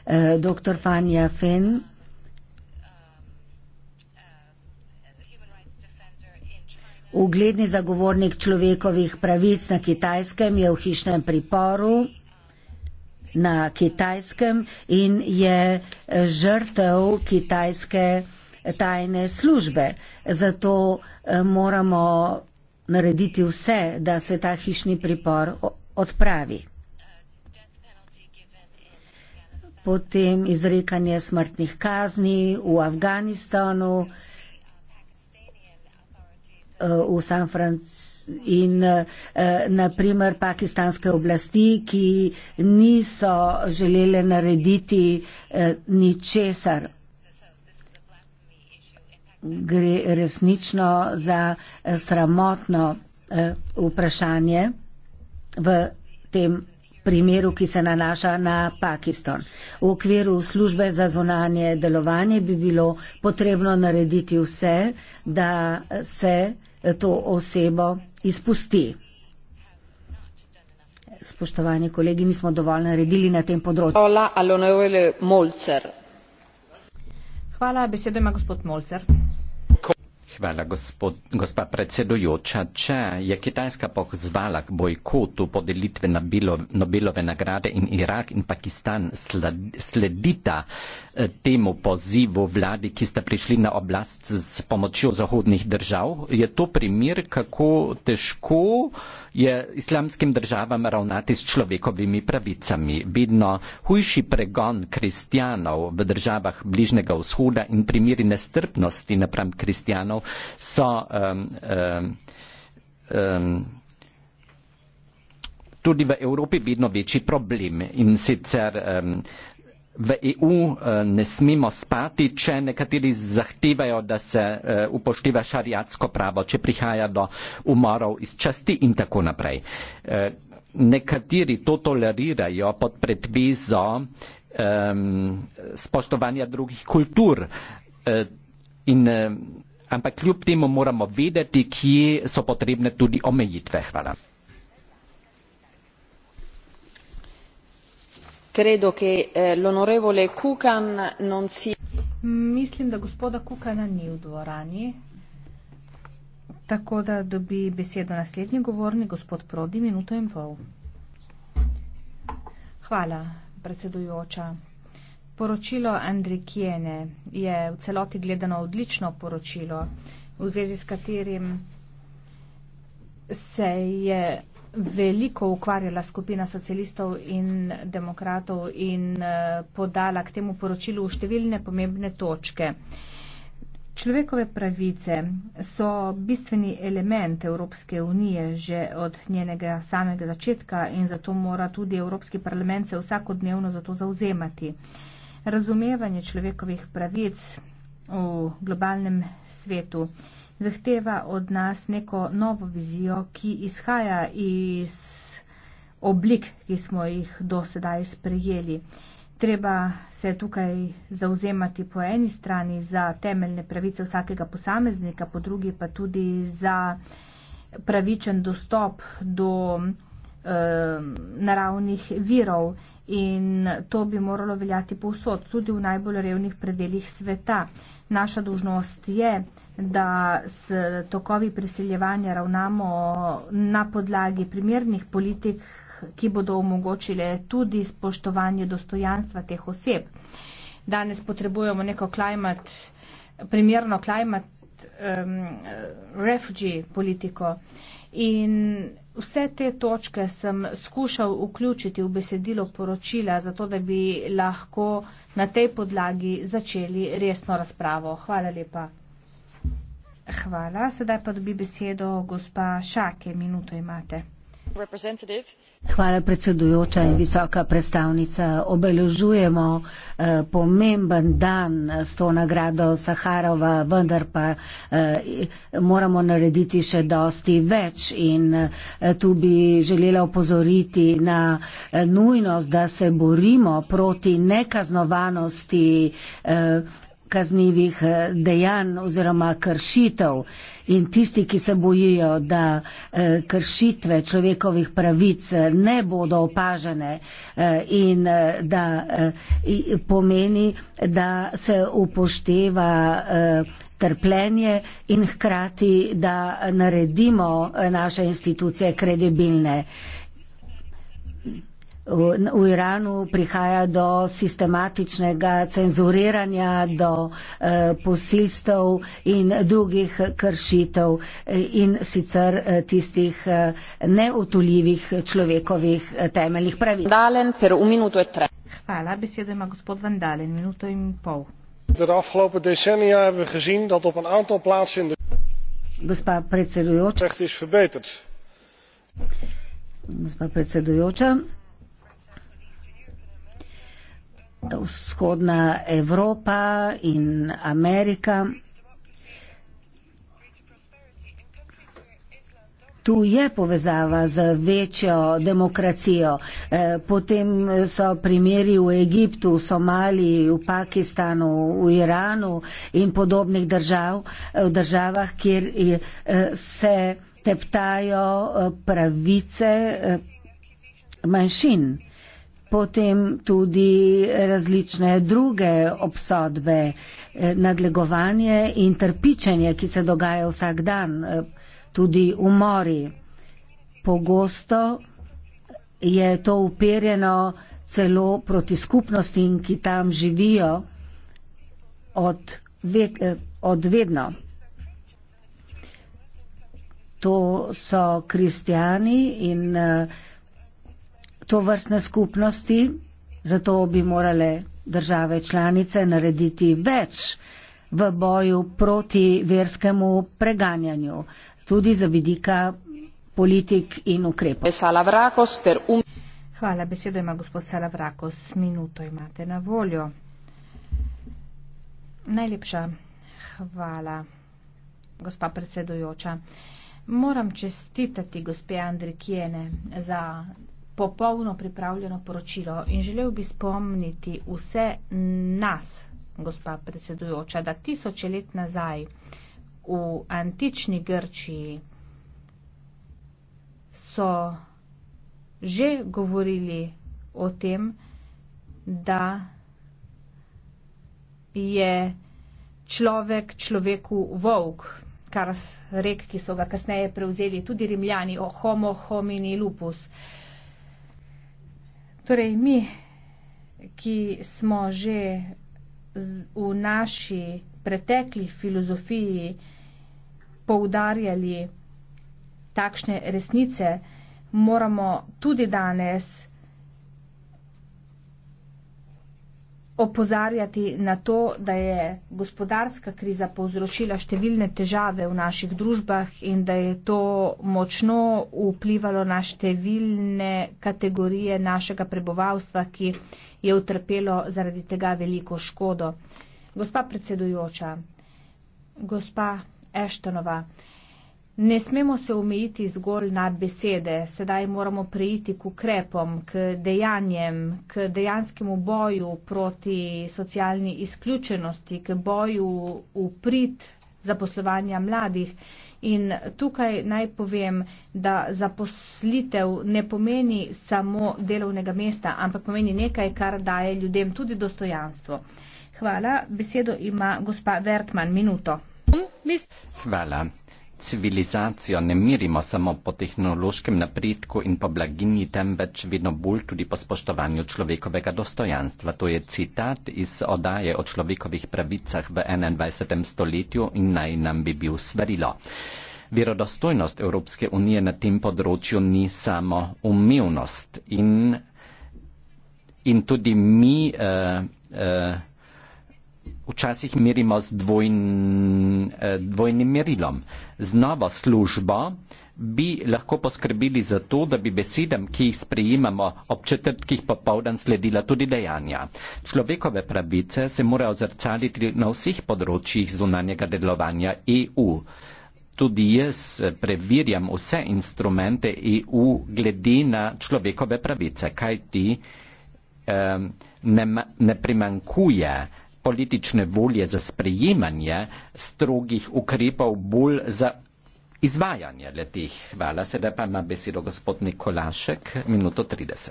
Eh, Dr. Fanja Fen. Ugledni zagovornik človekovih pravic na kitajskem je v hišnem priporu na kitajskem in je eh, žrtev kitajske tajne službe. Uh, zato eh, moramo narediti vse, da se ta hišni pripor odpravi. Potem izrekanje smrtnih kazni v Afganistanu eh, v San Francisco in eh, naprimer pakistanske oblasti, ki niso želele narediti ničesar gre resnično za eh, sramotno eh, vprašanje v tem primeru, ki se nanaša na Pakistan. V okviru službe za zonanje delovanje bi bilo potrebno narediti vse, da se eh, to osebo izpusti. Spoštovani kolegi, mi smo dovolj naredili na tem področju. Hvala, Alonovele Molcer. Hvala, besedo ima gospod Molcer. Hvala, gospod, gospa predsedujoča. Če je Kitajska pozvala k bojkotu podelitve Nobelove nagrade in Irak in Pakistan sledita eh, temu pozivu vladi, ki sta prišli na oblast s pomočjo zahodnih držav, je to primer, kako težko je islamskim državam ravnati s človekovimi pravicami. Vidno hujši pregon kristjanov v državah bližnjega vzhoda in primiri nestrpnosti napram kristjanov so um, um, um, tudi v Evropi vidno večji problem in sicer um, v EU eh, ne smemo spati, če nekateri zahtevajo, da se eh, upošteva šariatsko pravo, če prihaja do umorov iz časti in tako naprej. Eh, nekateri to tolerirajo pod predvezo spoštovanja drugih kultur. In, ampak kljub temu moramo vedeti, kje so potrebne tudi omejitve. Hvala. credo che eh, l'onorevole Kukan non sia. Mislim, da gospoda Kukana ni v dvorani, tako da dobi besedo naslednji govornik, gospod Prodi, minuto in pol. Hvala, predsedujoča. Poročilo Andri Kijene je v celoti gledano odlično poročilo, v zvezi s katerim se je veliko ukvarjala skupina socialistov in demokratov in eh, podala k temu poročilu številne pomembne točke. Človekove pravice so bistveni element Evropske unije že od njenega samega začetka in zato mora tudi Evropski parlament se vsakodnevno za to zauzemati. Razumevanje človekovih pravic v globalnem svetu zahteva od nas neko novo vizijo, ki izhaja iz oblik, ki smo jih do sedaj sprejeli. Treba se tukaj zauzemati po eni strani za temeljne pravice vsakega posameznika, po drugi pa tudi za pravičen dostop do eh, naravnih virov in to bi moralo veljati povsod, tudi v najbolj revnih predeljih sveta. Naša dužnost je, da s tokovi priseljevanja ravnamo na podlagi primernih politik, ki bodo omogočile tudi spoštovanje dostojanstva teh oseb. Danes potrebujemo neko klimat, primerno klimat um, refugee politiko in Vse te točke sem skušal vključiti v besedilo poročila, zato da bi lahko na tej podlagi začeli resno razpravo. Hvala lepa. Hvala. Sedaj pa dobi besedo gospa Šake. Minuto imate. Hvala predsedujoča in visoka predstavnica. Obeležujemo eh, pomemben dan s to nagrado Saharova, vendar pa eh, moramo narediti še dosti več in eh, tu bi želela opozoriti na eh, nujnost, da se borimo proti nekaznovanosti eh, kaznivih eh, dejanj oziroma kršitev. Eh, in tisti, ki se bojijo, da eh, kršitve človekovih pravic eh, ne bodo opažene eh, in da pomeni, da se upošteva trpljenje in hkrati, da naredimo naše institucije kredibilne v, v Iranu prihaja do sistematičnega cenzuriranja, do eh, posilstev in drugih kršitev eh, in sicer eh, tistih eh, neotoljivih človekovih eh, temeljnih pravic. Dalen, per v minuto je tre. Hvala, besedo ima gospod Vandalen, minuto in pol. Gospa predsedujoča. Gospa predsedujoča, vzhodna Evropa in Amerika. Tu je povezava z večjo demokracijo. Eh, potem so primeri v Egiptu, v Somaliji, v Pakistanu, v Iranu in podobnih držav, eh, v državah, kjer eh, se teptajo pravice manjšin potem tudi različne druge obsodbe, eh, nadlegovanje in trpičenje, ki se dogaja vsak dan, eh, tudi umori. Pogosto je to uperjeno celo proti skupnostim, ki tam živijo od, ve, eh, od vedno. To so kristijani in uh, to vrstne skupnosti, zato bi morale države članice narediti več v boju proti verskemu preganjanju, tudi za vidika politik in ukrepov. Hvala, besedo ima gospod Salavrakos, minuto imate na voljo. Najlepša hvala, gospa predsedujoča. Moram čestitati gospe Andri Kijene za popolno pripravljeno poročilo in želel bi spomniti vse nas, gospa predsedujoča, da tisoče let nazaj v antični Grčiji so že govorili o tem, da je človek človeku volk, kar rek, ki so ga kasneje prevzeli tudi rimljani, o homo homini lupus. Uh, Torej, mi, ki smo že v naši pretekli filozofiji poudarjali takšne resnice, moramo tudi danes opozarjati na to, da je gospodarska kriza povzročila številne težave v naših družbah in da je to močno vplivalo na številne kategorije našega prebovalstva, ki je utrpelo zaradi tega veliko škodo. Gospa predsedujoča, gospa Eštonova, Ne smemo se omejiti zgolj na besede, sedaj moramo prejiti k ukrepom, k dejanjem, k dejanskemu boju proti socialni izključenosti, k boju v prid zaposlovanja mladih. In tukaj naj povem, da zaposlitev ne pomeni samo delovnega mesta, ampak pomeni nekaj, kar daje ljudem tudi dostojanstvo. Hvala. Besedo ima gospa Vertman. Minuto. Hvala civilizacijo ne mirimo samo po tehnološkem napredku in po blaginji, temveč vedno bolj tudi po spoštovanju človekovega dostojanstva. To je citat iz odaje o človekovih pravicah v 21. stoletju in naj nam bi bil svarilo. Verodostojnost Evropske unije na tem področju ni samo umevnost in, in tudi mi. Uh, uh, včasih merimo z dvojn, eh, dvojnim merilom. Znova služba bi lahko poskrbili za to, da bi besedam, ki jih sprejemamo ob četrtkih popovdan, sledila tudi dejanja. Človekove pravice se morajo zrcaliti na vseh področjih zunanjega delovanja EU. Tudi jaz eh, preverjam vse instrumente EU glede na človekove pravice, kaj ti eh, ne, ne primankuje politične volje za sprejemanje strogih ukrepov, bolj za izvajanje letih. Hvala. Sedaj pa ima besedo gospod Nikolašek, minuto 30.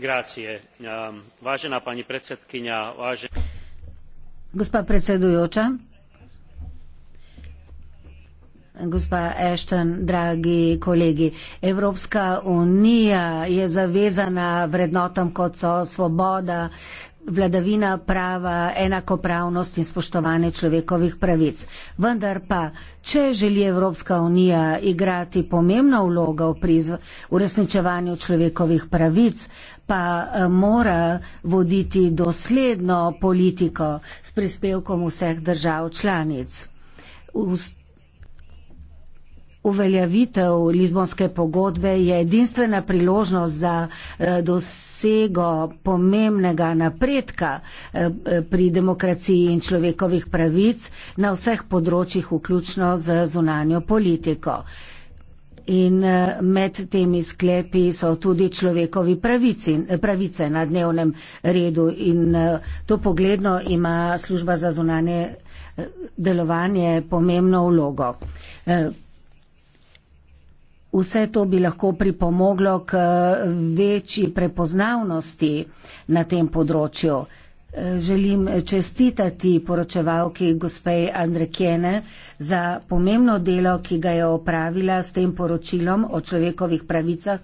Grazie. Um, važena pani predsedkinja, važena. Gospa predsedujoča. Gospa Ashton, dragi kolegi, Evropska unija je zavezana vrednotam, kot so svoboda, vladavina prava, enakopravnost in spoštovanje človekovih pravic. Vendar pa, če želi Evropska unija igrati pomembno vlogo pri uresničevanju človekovih pravic, pa eh, mora voditi dosledno politiko s prispevkom vseh držav članic. Uveljavitev Lizbonske pogodbe je edinstvena priložnost za eh, dosego pomembnega napredka eh, eh, pri demokraciji in človekovih pravic na vseh področjih, vključno z zunanjo politiko. In med temi sklepi so tudi človekovi pravici, pravice na dnevnem redu in to pogledno ima služba za zunanje delovanje pomembno vlogo. Vse to bi lahko pripomoglo k eh, večji prepoznavnosti na tem področju. Eh, želim čestitati poročevalki gospej Andre Kjene za pomembno delo, ki ga je opravila s tem poročilom o človekovih pravicah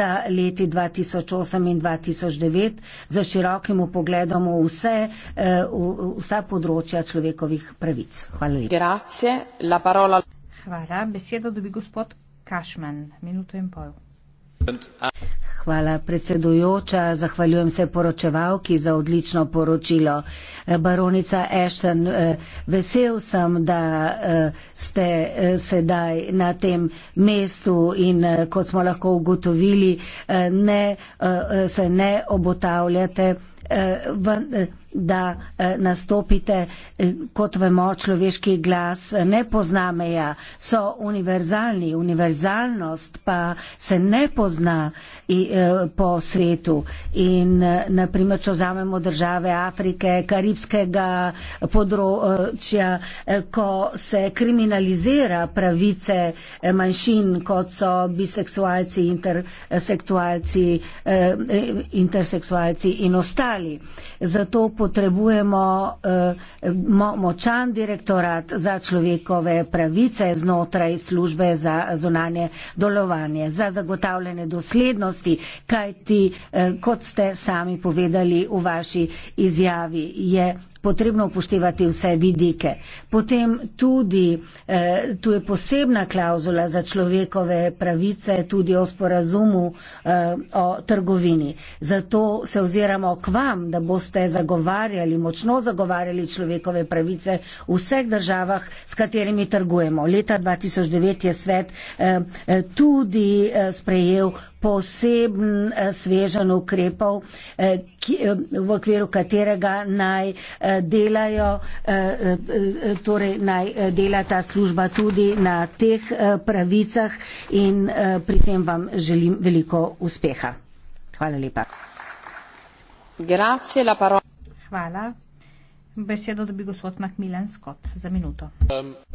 za leti 2008 in 2009, za širokim pogledom v vse, eh, vsa področja človekovih pravic. Hvala lepa. Hvala. Besedo dobi gospod Kašman, minuto in pol. Hvala predsedujoča, zahvaljujem se poročevalki za odlično poročilo. Eh, baronica Ashton, eh, vesel sem, da eh, ste sedaj na tem mestu in kot smo lahko ugotovili, ne, se ne obotavljate da eh, nastopite, eh, kot vemo, človeški glas ne pozna meja, so univerzalni, univerzalnost pa se ne pozna eh, po svetu. In naprimer, če vzamemo države Afrike, karibskega področja, ko se kriminalizira pravice manjšin, kot so biseksualci, interseksualci, interseksualci in ostali. Zato potrebujemo eh, močan direktorat za človekove pravice znotraj službe za zonanje dolovanje, za zagotavljanje doslednosti, kajti, eh, kot ste sami povedali v vaši izjavi, je potrebno upoštevati vse vidike. Potem tudi, eh, tu je posebna klauzula za človekove pravice, tudi o sporazumu eh, o trgovini. Zato se oziramo k vam, da boste zagovarjali, močno zagovarjali človekove pravice v vseh državah, s katerimi trgujemo. Leta 2009 je svet eh, eh, tudi eh, sprejel poseben eh, svežen ukrepov, eh, eh, v okviru katerega naj delajo, torej naj dela ta služba tudi na teh pravicah in pri tem vam želim veliko uspeha. Hvala lepa. Grazie la parola. Hvala. Besedo dobi gospod Makmilan Scott za minuto.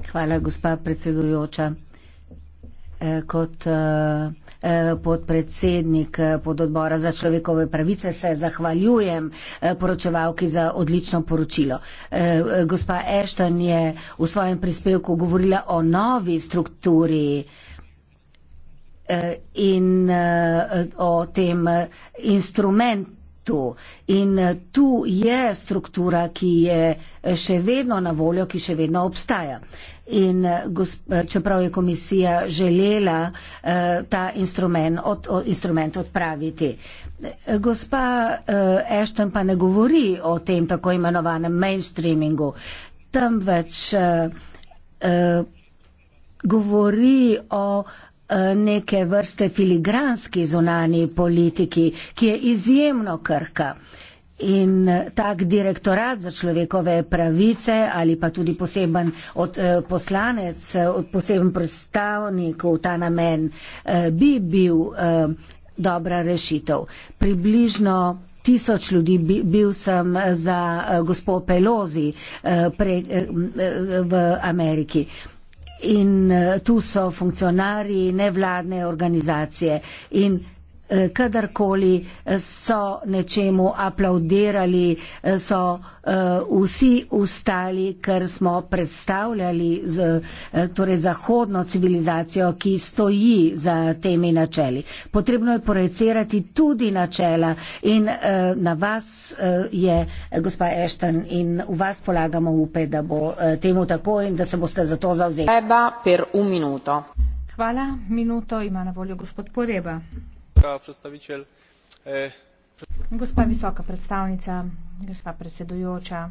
Hvala, gospa predsedujoča. Eh, kot eh, eh, podpredsednik pododbora za človekove pravice se zahvaljujem poročevalki za odlično poročilo. Gospa Ešton je v svojem prispevku govorila o novi strukturi in o tem instrument. Tu. In tu je struktura, ki je še vedno na voljo, ki še vedno obstaja in eh, eh, čeprav je komisija želela eh, ta instrument, od, od, instrument odpraviti. Gospa Ashton pa ne govori o tem tako imenovanem mainstreamingu, temveč govori o neke vrste filigranski zunani politiki, ki je izjemno krhka. In eh, tak direktorat za človekove pravice ali pa tudi poseben od, eh, poslanec, eh, od poseben predstavnik v ta namen eh, bi bil eh, dobra rešitev. Približno tisoč ljudi bi, bil sem za eh, gospo Pelozi eh, pre, eh, eh v Ameriki. In eh, tu so funkcionari, nevladne organizacije. In, eh, kadarkoli so nečemu aplaudirali, so eh, vsi ustali, ker smo predstavljali z, eh, torej zahodno civilizacijo, ki stoji za temi načeli. Potrebno je projecirati tudi načela in eh, na vas je gospa Ešten in v vas polagamo upe, da bo temu tako in da se boste za to zavzeli. Hvala, minuto ima na voljo gospod Poreba predstavitev. Eh, gospa visoka predstavnica, gospa predsedujoča,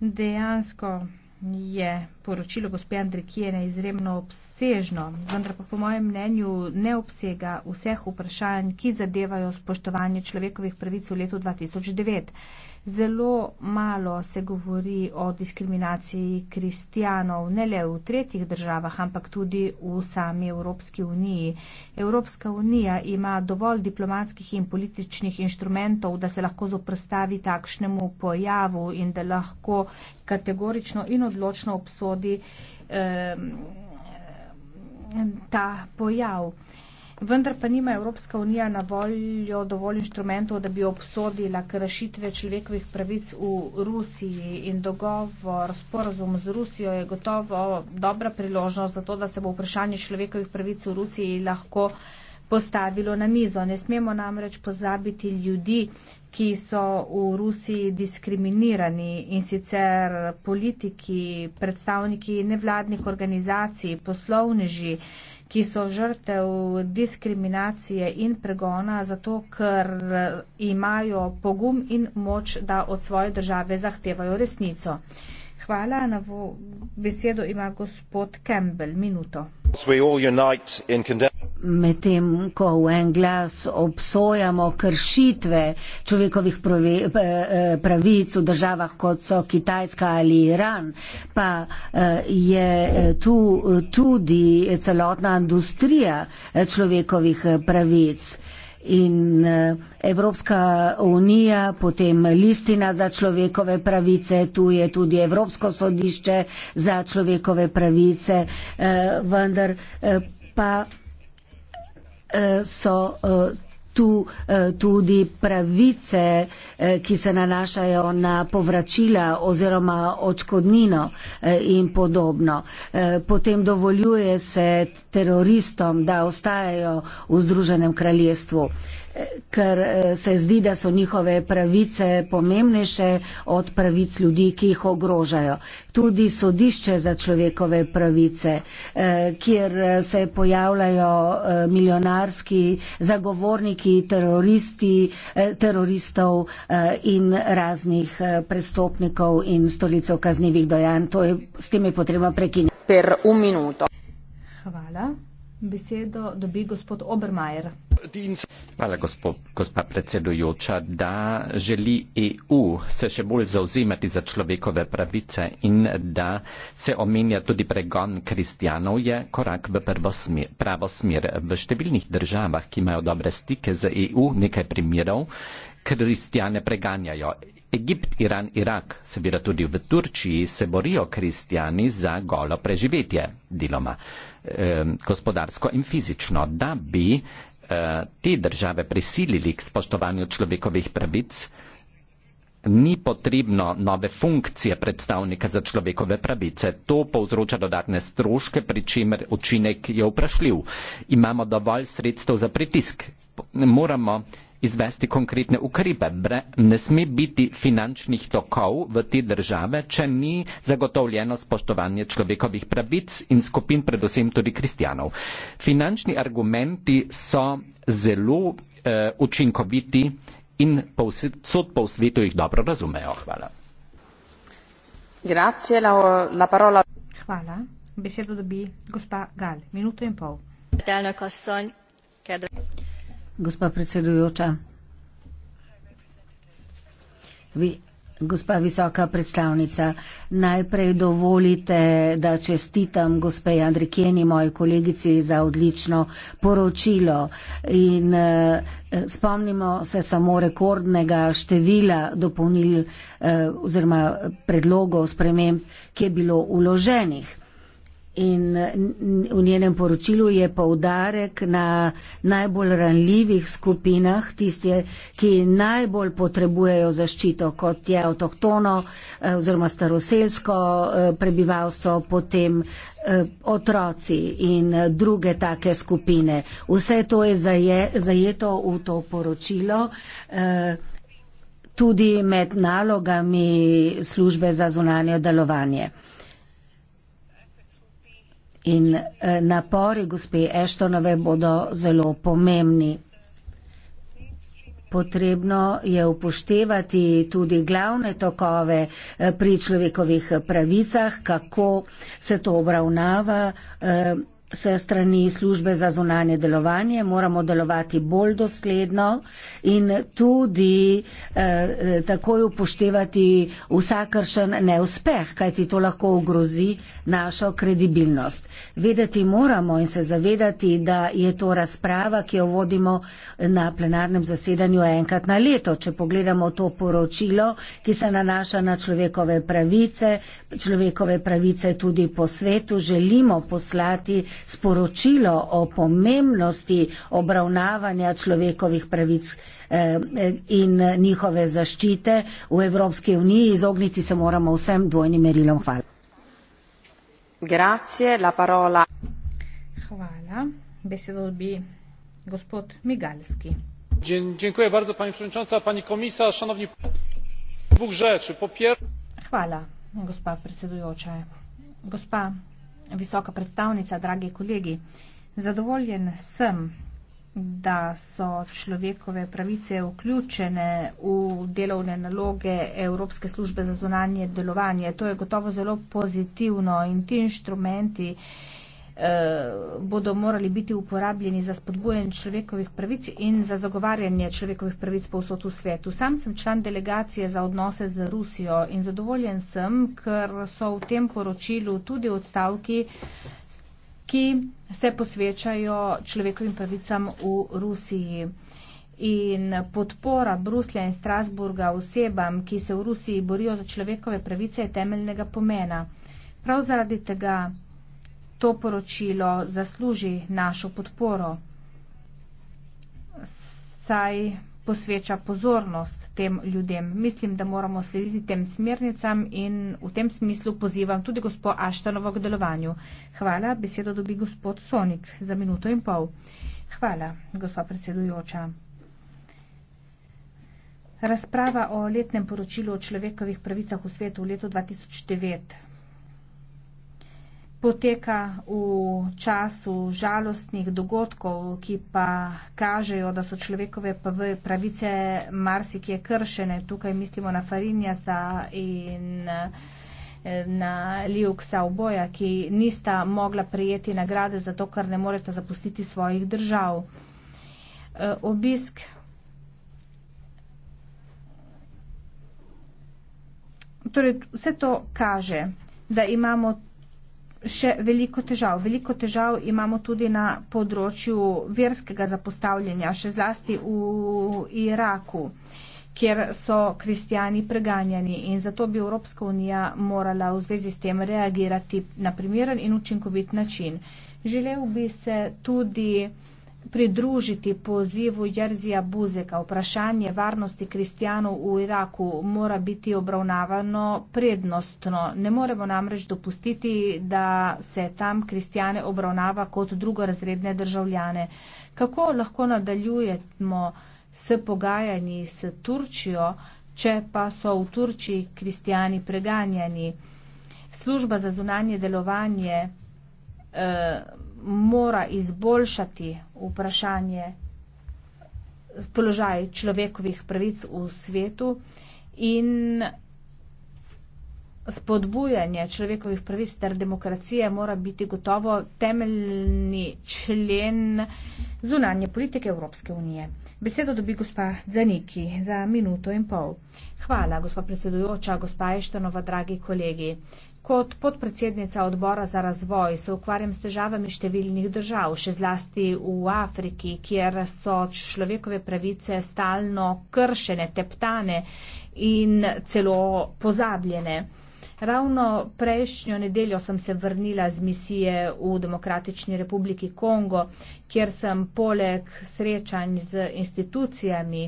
dejansko je poročilo gospe Andrikijene izremno obsežno, vendar pa po mojem mnenju ne obsega vseh vprašanj, ki zadevajo spoštovanje človekovih pravic v letu 2009. Zelo malo se govori o diskriminaciji kristijanov, ne le v tretjih državah, ampak tudi v sami Evropski uniji. Evropska unija ima dovolj diplomatskih in političnih inštrumentov, da se lahko zoprstavi takšnemu pojavu in da lahko kategorično in odločno obsodi eh, ta pojav. Eh, vendar pa nima Evropska unija na voljo dovolj inštrumentov, da bi obsodila kršitve človekovih pravic v Rusiji in dogovor, sporozum z Rusijo je gotovo dobra priložnost za to, da se bo vprašanje človekovih pravic v Rusiji lahko postavilo na mizo. Ne smemo namreč pozabiti ljudi, ki so v Rusiji diskriminirani in sicer politiki, predstavniki nevladnih organizacij, poslovneži, eh, ki so žrtev diskriminacije in pregona, zato ker imajo pogum in moč, da od svoje države zahtevajo resnico. Hvala. Na besedo ima gospod Campbell. Minuto. Medtem, ko v en glas obsojamo kršitve človekovih eh, eh, pravic v državah, kot so Kitajska ali Iran, pa eh, je tu tudi celotna industrija človekovih pravic in e, Evropska unija, potem listina za človekove pravice, tu je tudi Evropsko sodišče za človekove pravice, e, vendar e, pa so tu eh, tudi pravice, eh, ki se nanašajo na povračila oziroma očkodnino eh, in podobno. Potem dovoljuje se teroristom, da ostajajo v Združenem kraljestvu ker eh, se zdi, da so njihove pravice pomembnejše od pravic ljudi, ki jih ogrožajo. Tudi sodišče za človekove pravice, eh, kjer eh, se pojavljajo milijonarski zagovorniki, teroristi, teroristov in raznih prestopnikov in stolicov kaznivih dojanj. To je, s tem je potrebno prekiniti. Per un minuto. Hvala. Besedo dobi gospod Obermajer. Hvala, gospod, gospa predsedujoča, da želi EU se še bolj zauzimati za človekove pravice in da se omenja tudi pregon kristjanov, je korak v smer, pravo smer. V številnih državah, ki imajo dobre stike z EU, nekaj primerov, kristjane preganjajo. Egipt, Iran, Irak, seveda tudi v Turčiji, se borijo kristjani za golo preživetje, deloma gospodarsko in fizično, da bi eh, te države prisilili k spoštovanju človekovih pravic, ni potrebno nove funkcije predstavnika za človekove pravice. To povzroča dodatne stroške, pri čemer učinek je vprašljiv. Imamo dovolj sredstev za pritisk. Moramo izvesti konkretne ukrepe. Bre, ne sme biti finančnih tokov v te države, če ni zagotovljeno spoštovanje človekovih pravic in skupin, predvsem tudi kristjanov. Finančni argumenti so zelo eh, učinkoviti in sod po svetu jih dobro razumejo. Hvala. Grazie, la, la parola. Hvala. Besedo dobi gospa Gal. Minuto in pol. Delno, Gospa predsedujoča. Vi, gospa visoka predstavnica, najprej dovolite, da čestitam gospe Andrikeni, moji kolegici, za odlično poročilo. In eh, spomnimo se samo rekordnega števila dopolnil eh, oziroma predlogov sprememb, ki je bilo uloženih. In v njenem poročilu je poudarek na najbolj ranljivih skupinah, tiste, ki najbolj potrebujejo zaščito, kot je avtohtono eh, oziroma staroselsko eh, prebivalstvo, potem eh, otroci in druge take skupine. Vse to je zajeto v to poročilo. Tudi med nalogami službe za zunanje delovanje in eh, napori gospe Eštonove bodo zelo pomembni. Potrebno je upoštevati tudi glavne tokove eh, pri človekovih pravicah, kako se to obravnava eh, se strani službe za zunanje delovanje moramo delovati bolj dosledno in tudi eh, eh, takoj upoštevati vsakršen neuspeh, kajti to lahko ogrozi našo kredibilnost. Vedeti moramo in se zavedati, da je to razprava, ki jo vodimo na plenarnem zasedanju enkrat na leto. Če pogledamo to poročilo, ki se nanaša na človekove pravice, človekove pravice tudi po svetu, želimo poslati sporočilo o pomembnosti obravnavanja človekovih pravic eh, in njihove zaščite v Evropski uniji. Izogniti se moramo vsem dvojnim merilom. Hvala. Grazie, la parola. Hvala. Besedo bi gospod Migalski. Dziękuję bardzo pani przewodnicząca, pani komisarz, szanowni dwóch rzeczy. Po pierwsze, Hvala, gospa predsedujoča. Gospa visoka predstavnica, dragi kolegi. Zadovoljen sem, da so človekove pravice vključene v delovne naloge Evropske službe za zunanje delovanje. To je gotovo zelo pozitivno in ti inštrumenti, Eh, bodo morali biti uporabljeni za spodbujanje človekovih pravic in za zagovarjanje človekovih pravic po vsotu svetu. Sam sem član delegacije za odnose z Rusijo in zadovoljen sem, ker so v tem poročilu tudi odstavki, ki se posvečajo človekovim pravicam v Rusiji. In podpora Bruslja in Strasburga osebam, ki se v Rusiji borijo za človekove pravice, je temeljnega pomena. Prav zaradi tega to poročilo zasluži našo podporo, saj posveča pozornost tem ljudem. Mislim, da moramo slediti tem smernicam in v tem smislu pozivam tudi gospod Aštanovo k delovanju. Hvala, besedo dobi gospod Sonik za minuto in pol. Hvala, gospod predsedujoča. Razprava o letnem poročilu o človekovih pravicah v svetu v letu 2009 poteka v času žalostnih dogodkov, ki pa kažejo, da so človekove pravice marsikje kršene. Tukaj mislimo na Farinjasa in eh, na Liuksa oboja, ki nista mogla prijeti nagrade za to, kar ne morete zapustiti svojih držav. Eh, obisk Torej, vse to kaže, da imamo še veliko težav. Veliko težav imamo tudi na področju verskega zapostavljanja, še zlasti v Iraku, kjer so kristijani preganjani in zato bi Evropska unija morala v zvezi s tem reagirati na primeren in učinkovit način. Želel bi se tudi pridružiti pozivu Jerzija Buzeka. Vprašanje varnosti kristijanov v Iraku mora biti obravnavano prednostno. Ne moremo namreč dopustiti, da se tam kristijane obravnava kot drugorazredne državljane. Kako lahko nadaljujemo s pogajanji s Turčijo, če pa so v Turčiji kristijani preganjani? Služba za zunanje delovanje Eh, mora izboljšati vprašanje položaj človekovih pravic v svetu in spodbujanje človekovih pravic ter demokracije mora biti gotovo temeljni člen zunanje politike Evropske unije. Besedo dobi gospa Zaniki za minuto in pol. Hvala, gospa predsedujoča, gospa Eštanova, dragi kolegi. Kot podpredsednica odbora za razvoj se ukvarjam s težavami številnih držav, še zlasti v Afriki, kjer so človekove pravice stalno kršene, teptane in celo pozabljene. Ravno prejšnjo nedeljo sem se vrnila z misije v Demokratični republiki Kongo, kjer sem poleg srečanj z institucijami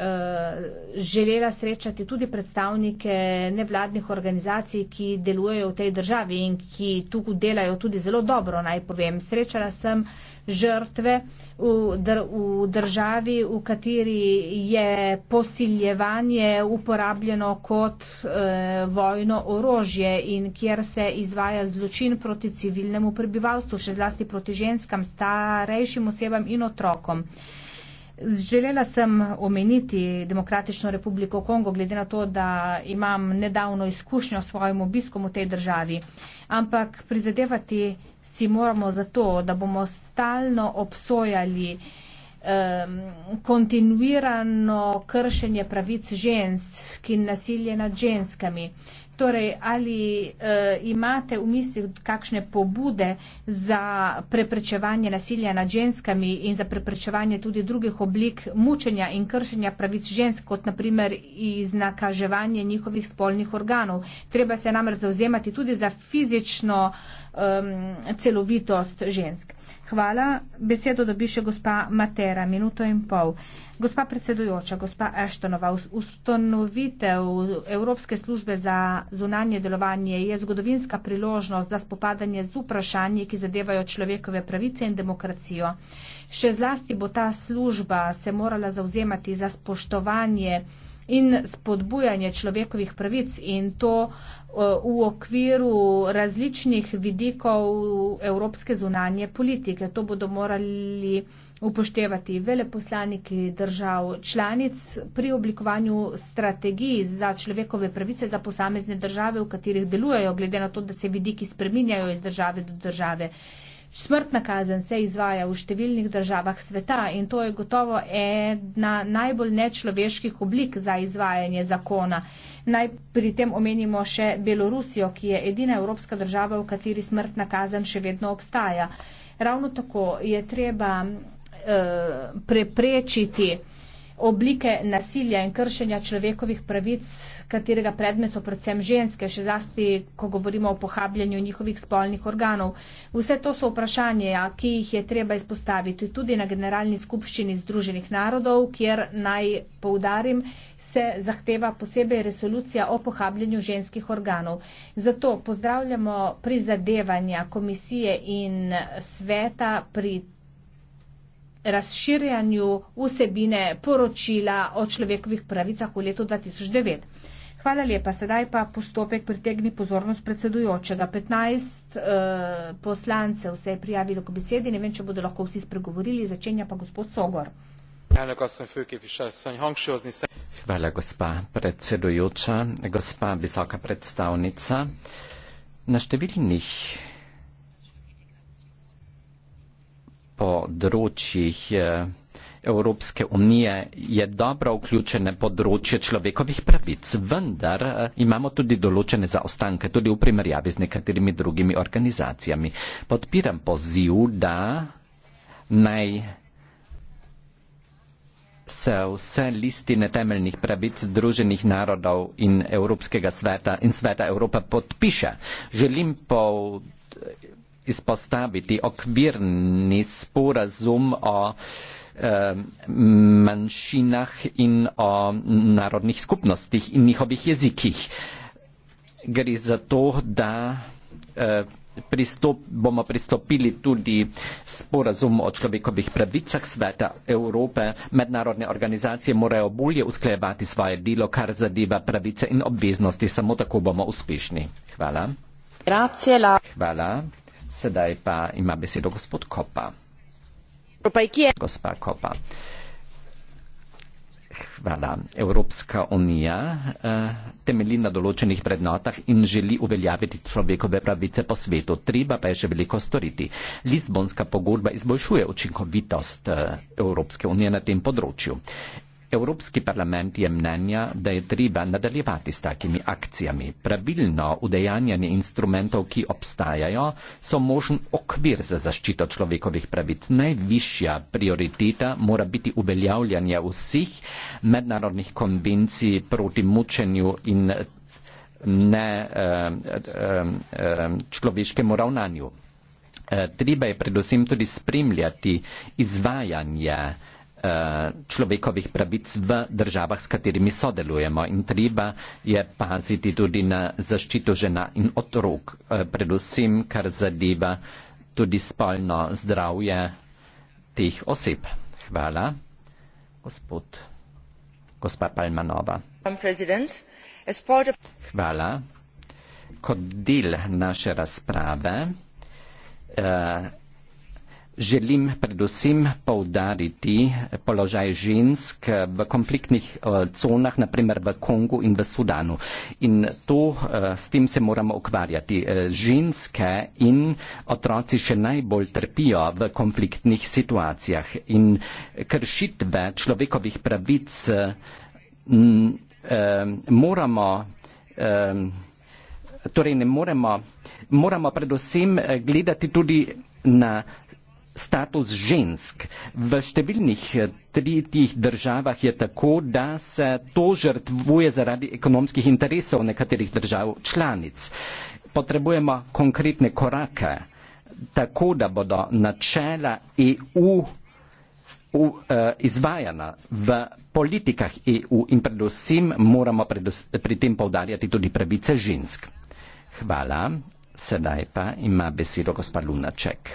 Eh, želela srečati tudi predstavnike nevladnih organizacij, ki delujejo v tej državi in ki tu delajo tudi zelo dobro, naj povem. Srečala sem žrtve v, dr, v državi, v kateri je posiljevanje uporabljeno kot e, vojno orožje in kjer se izvaja zločin proti civilnemu prebivalstvu, še zlasti proti ženskam, starejšim osebam in otrokom. E, Želela sem omeniti Demokratično republiko Kongo, glede na to, da imam nedavno izkušnjo s svojim obiskom v tej državi. Ampak prizadevati si moramo za to, da bomo stalno obsojali um, kontinuirano kršenje pravic žensk in nasilje nad ženskami. Uh, Torej, ali e, imate v mislih kakšne pobude za preprečevanje nasilja nad ženskami in za preprečevanje tudi drugih oblik mučenja in kršenja pravic žensk, kot naprimer iznakaževanje njihovih spolnih organov? Treba se namreč zauzemati tudi za fizično um, celovitost žensk. Hvala. Besedo dobi še gospa Matera, minuto in pol. Gospa predsedujoča, gospa Eštonova, ustanovitev Evropske službe za zunanje delovanje je zgodovinska priložnost za spopadanje z vprašanji, ki zadevajo človekove pravice in demokracijo. Še zlasti bo ta služba se morala zauzemati za spoštovanje in spodbujanje človekovih pravic in to eh, v okviru različnih vidikov evropske zunanje politike. To bodo morali upoštevati veleposlaniki držav članic pri oblikovanju strategij za človekove pravice za posamezne države, v katerih delujejo, glede na to, da se vidiki spreminjajo iz države do države. Smrtna kazen se izvaja v številnih državah sveta in to je gotovo ena najbolj nečloveških oblik za izvajanje zakona. Naj pri tem omenimo še Belorusijo, ki je edina evropska država, v kateri smrtna kazen še vedno obstaja. Ravno tako je treba uh, preprečiti oblike nasilja in kršenja človekovih pravic, katerega predmet so predvsem ženske, še zlasti, ko govorimo o pohabljanju njihovih spolnih organov. Vse to so vprašanja, ki jih je treba izpostaviti tudi na Generalni skupščini Združenih narodov, kjer naj poudarim, se zahteva posebej resolucija o pohabljanju ženskih organov. Zato pozdravljamo prizadevanja komisije in sveta pri razširjanju vsebine poročila o človekovih pravicah v letu 2009. Hvala lepa. Sedaj pa postopek pritegni pozornost predsedujočega. 15 uh, eh, poslancev se je prijavilo k besedi. Ne vem, če bodo lahko vsi spregovorili. Začenja pa gospod Sogor. Hvala, gospa predsedujoča, gospa visoka predstavnica. Na številnih področjih eh, Evropske unije je dobro vključene področje človekovih pravic, vendar eh, imamo tudi določene zaostanke, tudi v primerjavi z nekaterimi drugimi organizacijami. Podpiram poziv, da naj se vse listine temeljnih pravic Združenih narodov in Evropskega sveta in sveta Evropa podpiše. Želim povedati, izpostaviti okvirni sporazum o eh, manjšinah in o narodnih skupnostih in njihovih jezikih. Gre za to, da eh, pristop, bomo pristopili tudi sporazum o človekovih pravicah sveta Evrope. Mednarodne organizacije morajo bolje usklejevati svoje delo, kar zadeva pravice in obveznosti. Samo tako bomo uspešni. Hvala. Hvala. Sedaj pa ima besedo gospod Kopa. Evropa je kje? Gospa Kopa. Hvala. Evropska unija eh, temelji na določenih prednotah in želi uveljaviti človekove pravice po svetu. Treba pa je še veliko storiti. Lizbonska pogodba izboljšuje učinkovitost eh, Evropske unije na tem področju. Evropski parlament je mnenja, da je treba nadaljevati s takimi akcijami. Pravilno udejanjanje instrumentov, ki obstajajo, so možen okvir za zaščito človekovih pravic. Najvišja prioriteta mora biti uveljavljanje vseh mednarodnih konvencij proti mučenju in ne eh, eh, eh, človeškemu ravnanju. Treba je predvsem tudi spremljati izvajanje Eh, človekovih pravic v državah, s katerimi sodelujemo. In treba je paziti tudi na zaščito žena in otrok, eh, predvsem kar zadeva tudi spolno zdravje teh oseb. Hvala, gospod, gospa Palmanova. Hvala. Kot del naše razprave. Uh, želim predvsem povdariti položaj žensk v konfliktnih eh, conah, naprimer v Kongu in v Sudanu. In to, eh, s tem se moramo ukvarjati. Eh, ženske in otroci še najbolj trpijo v konfliktnih situacijah in kršitve človekovih pravic moramo. Torej, ne moremo, moramo predvsem gledati tudi na status žensk. V številnih eh, tretjih državah je tako, da se to žrtvuje zaradi ekonomskih interesov nekaterih držav članic. Potrebujemo konkretne korake, tako da bodo načela EU v, eh, izvajana v politikah EU in predvsem moramo predvs pri tem povdarjati tudi pravice žensk. Hvala. Sedaj pa ima besedo gospa Lunaček.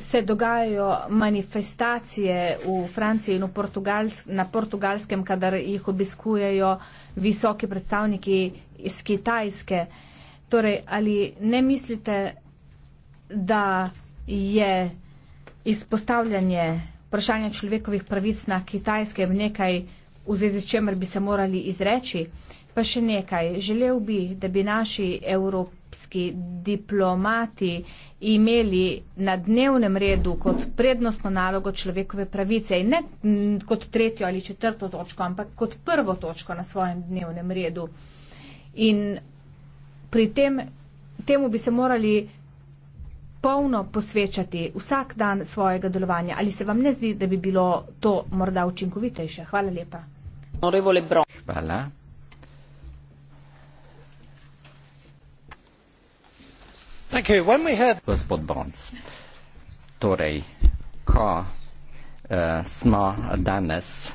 se dogajajo manifestacije v Franciji in Portugals na portugalskem, kadar jih obiskujejo visoki predstavniki iz Kitajske. Torej, ali ne mislite, da je izpostavljanje vprašanja človekovih pravic na Kitajskem nekaj, v zvezi s čemer bi se morali izreči? Pa še nekaj. Želel bi, da bi naši Evropi evropski diplomati imeli na dnevnem redu kot prednostno nalogo človekove pravice in ne mm, kot tretjo ali četrto točko, ampak kot prvo točko na svojem dnevnem redu. In pri tem, temu bi se morali polno posvečati vsak dan svojega delovanja. Ali se vam ne zdi, da bi bilo to morda učinkovitejše? Hvala lepa. Hvala. gospod Bonc. Torej, ko uh, smo danes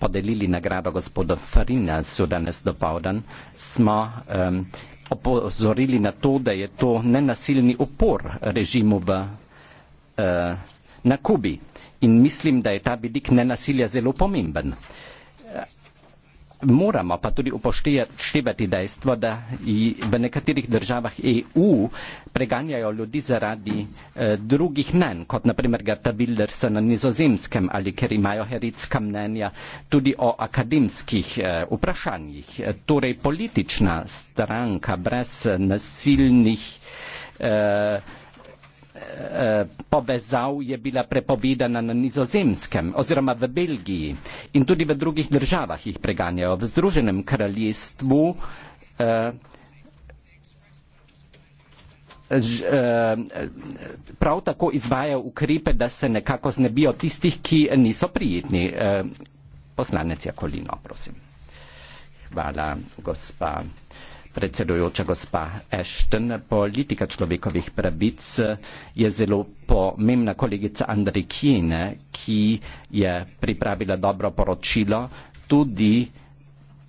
podelili nagrado gospodu Farina, so danes dopovdan, smo um, opozorili na to, da je to nenasilni upor režimu v, uh, na Kubi. In mislim, da je ta vidik nenasilja zelo pomemben moramo pa tudi upoštevati dejstvo, da v nekaterih državah EU preganjajo ljudi zaradi eh, drugih mnen, kot naprimer Gerta Bildersa na nizozemskem ali ker imajo heritska mnenja tudi o akademskih eh, vprašanjih. Torej politična stranka brez nasilnih eh, Eh, povezav je bila prepovedana na nizozemskem oziroma v Belgiji in tudi v drugih državah jih preganjajo. V Združenem kraljestvu eh, Ž, eh, prav tako izvajajo ukrepe, da se nekako znebijo tistih, ki niso prijetni. Eh, poslanec Jakolino, prosim. Hvala, gospa. Eh, predsedujoča gospa Ashton. Politika človekovih pravic eh, je zelo pomembna. Kolegica Andrikine, eh, ki je pripravila dobro poročilo, tudi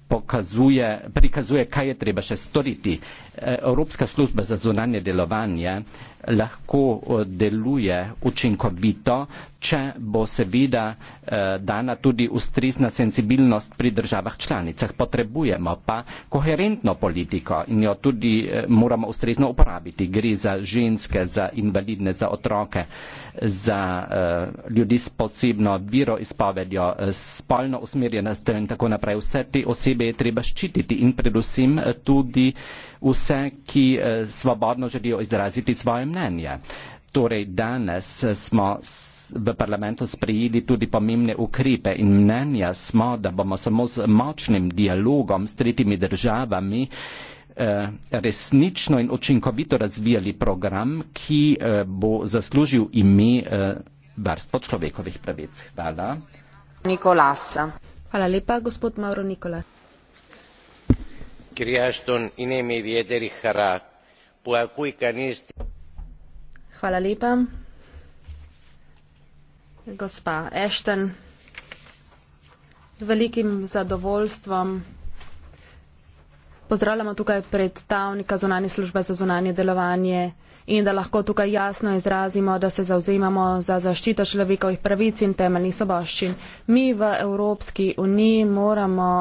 pokazuje, prikazuje, kaj je treba še storiti. Eh, Evropska služba za zunanje delovanje lahko eh, deluje učinkovito, če bo seveda eh, dana tudi ustrezna sensibilnost pri državah članicah. Potrebujemo pa koherentno politiko in jo tudi moramo ustrezno uporabiti. Gre za ženske, za invalidne, za otroke, za ljudi s posebno viro izpovedjo, spolno usmerjenost in tako naprej. Vse te osebe je treba ščititi in predvsem tudi vse, ki eh, svobodno želijo izraziti svoje mnenje. Torej, danes eh, smo v parlamentu sprejeli tudi pomembne ukrepe in mnenja smo, da bomo samo z močnim dialogom s tretjimi državami eh, resnično in učinkovito razvijali program, ki bo zaslužil ime varstvo človekovih pravic. Hvala. Nikolasa. Hvala lepa, gospod Mauro Nikolas kirjaston in e medije de rihara po cui canist Hvala lepa. Gospa Ashton, z velikim zadovoljstvom pozdravljamo tukaj predstavnika zunanje službe za zunanje delovanje in da lahko tukaj jasno izrazimo, da se zauzemamo za zaščito človekovih pravic in temeljnih soboščin. Mi v Evropski uniji moramo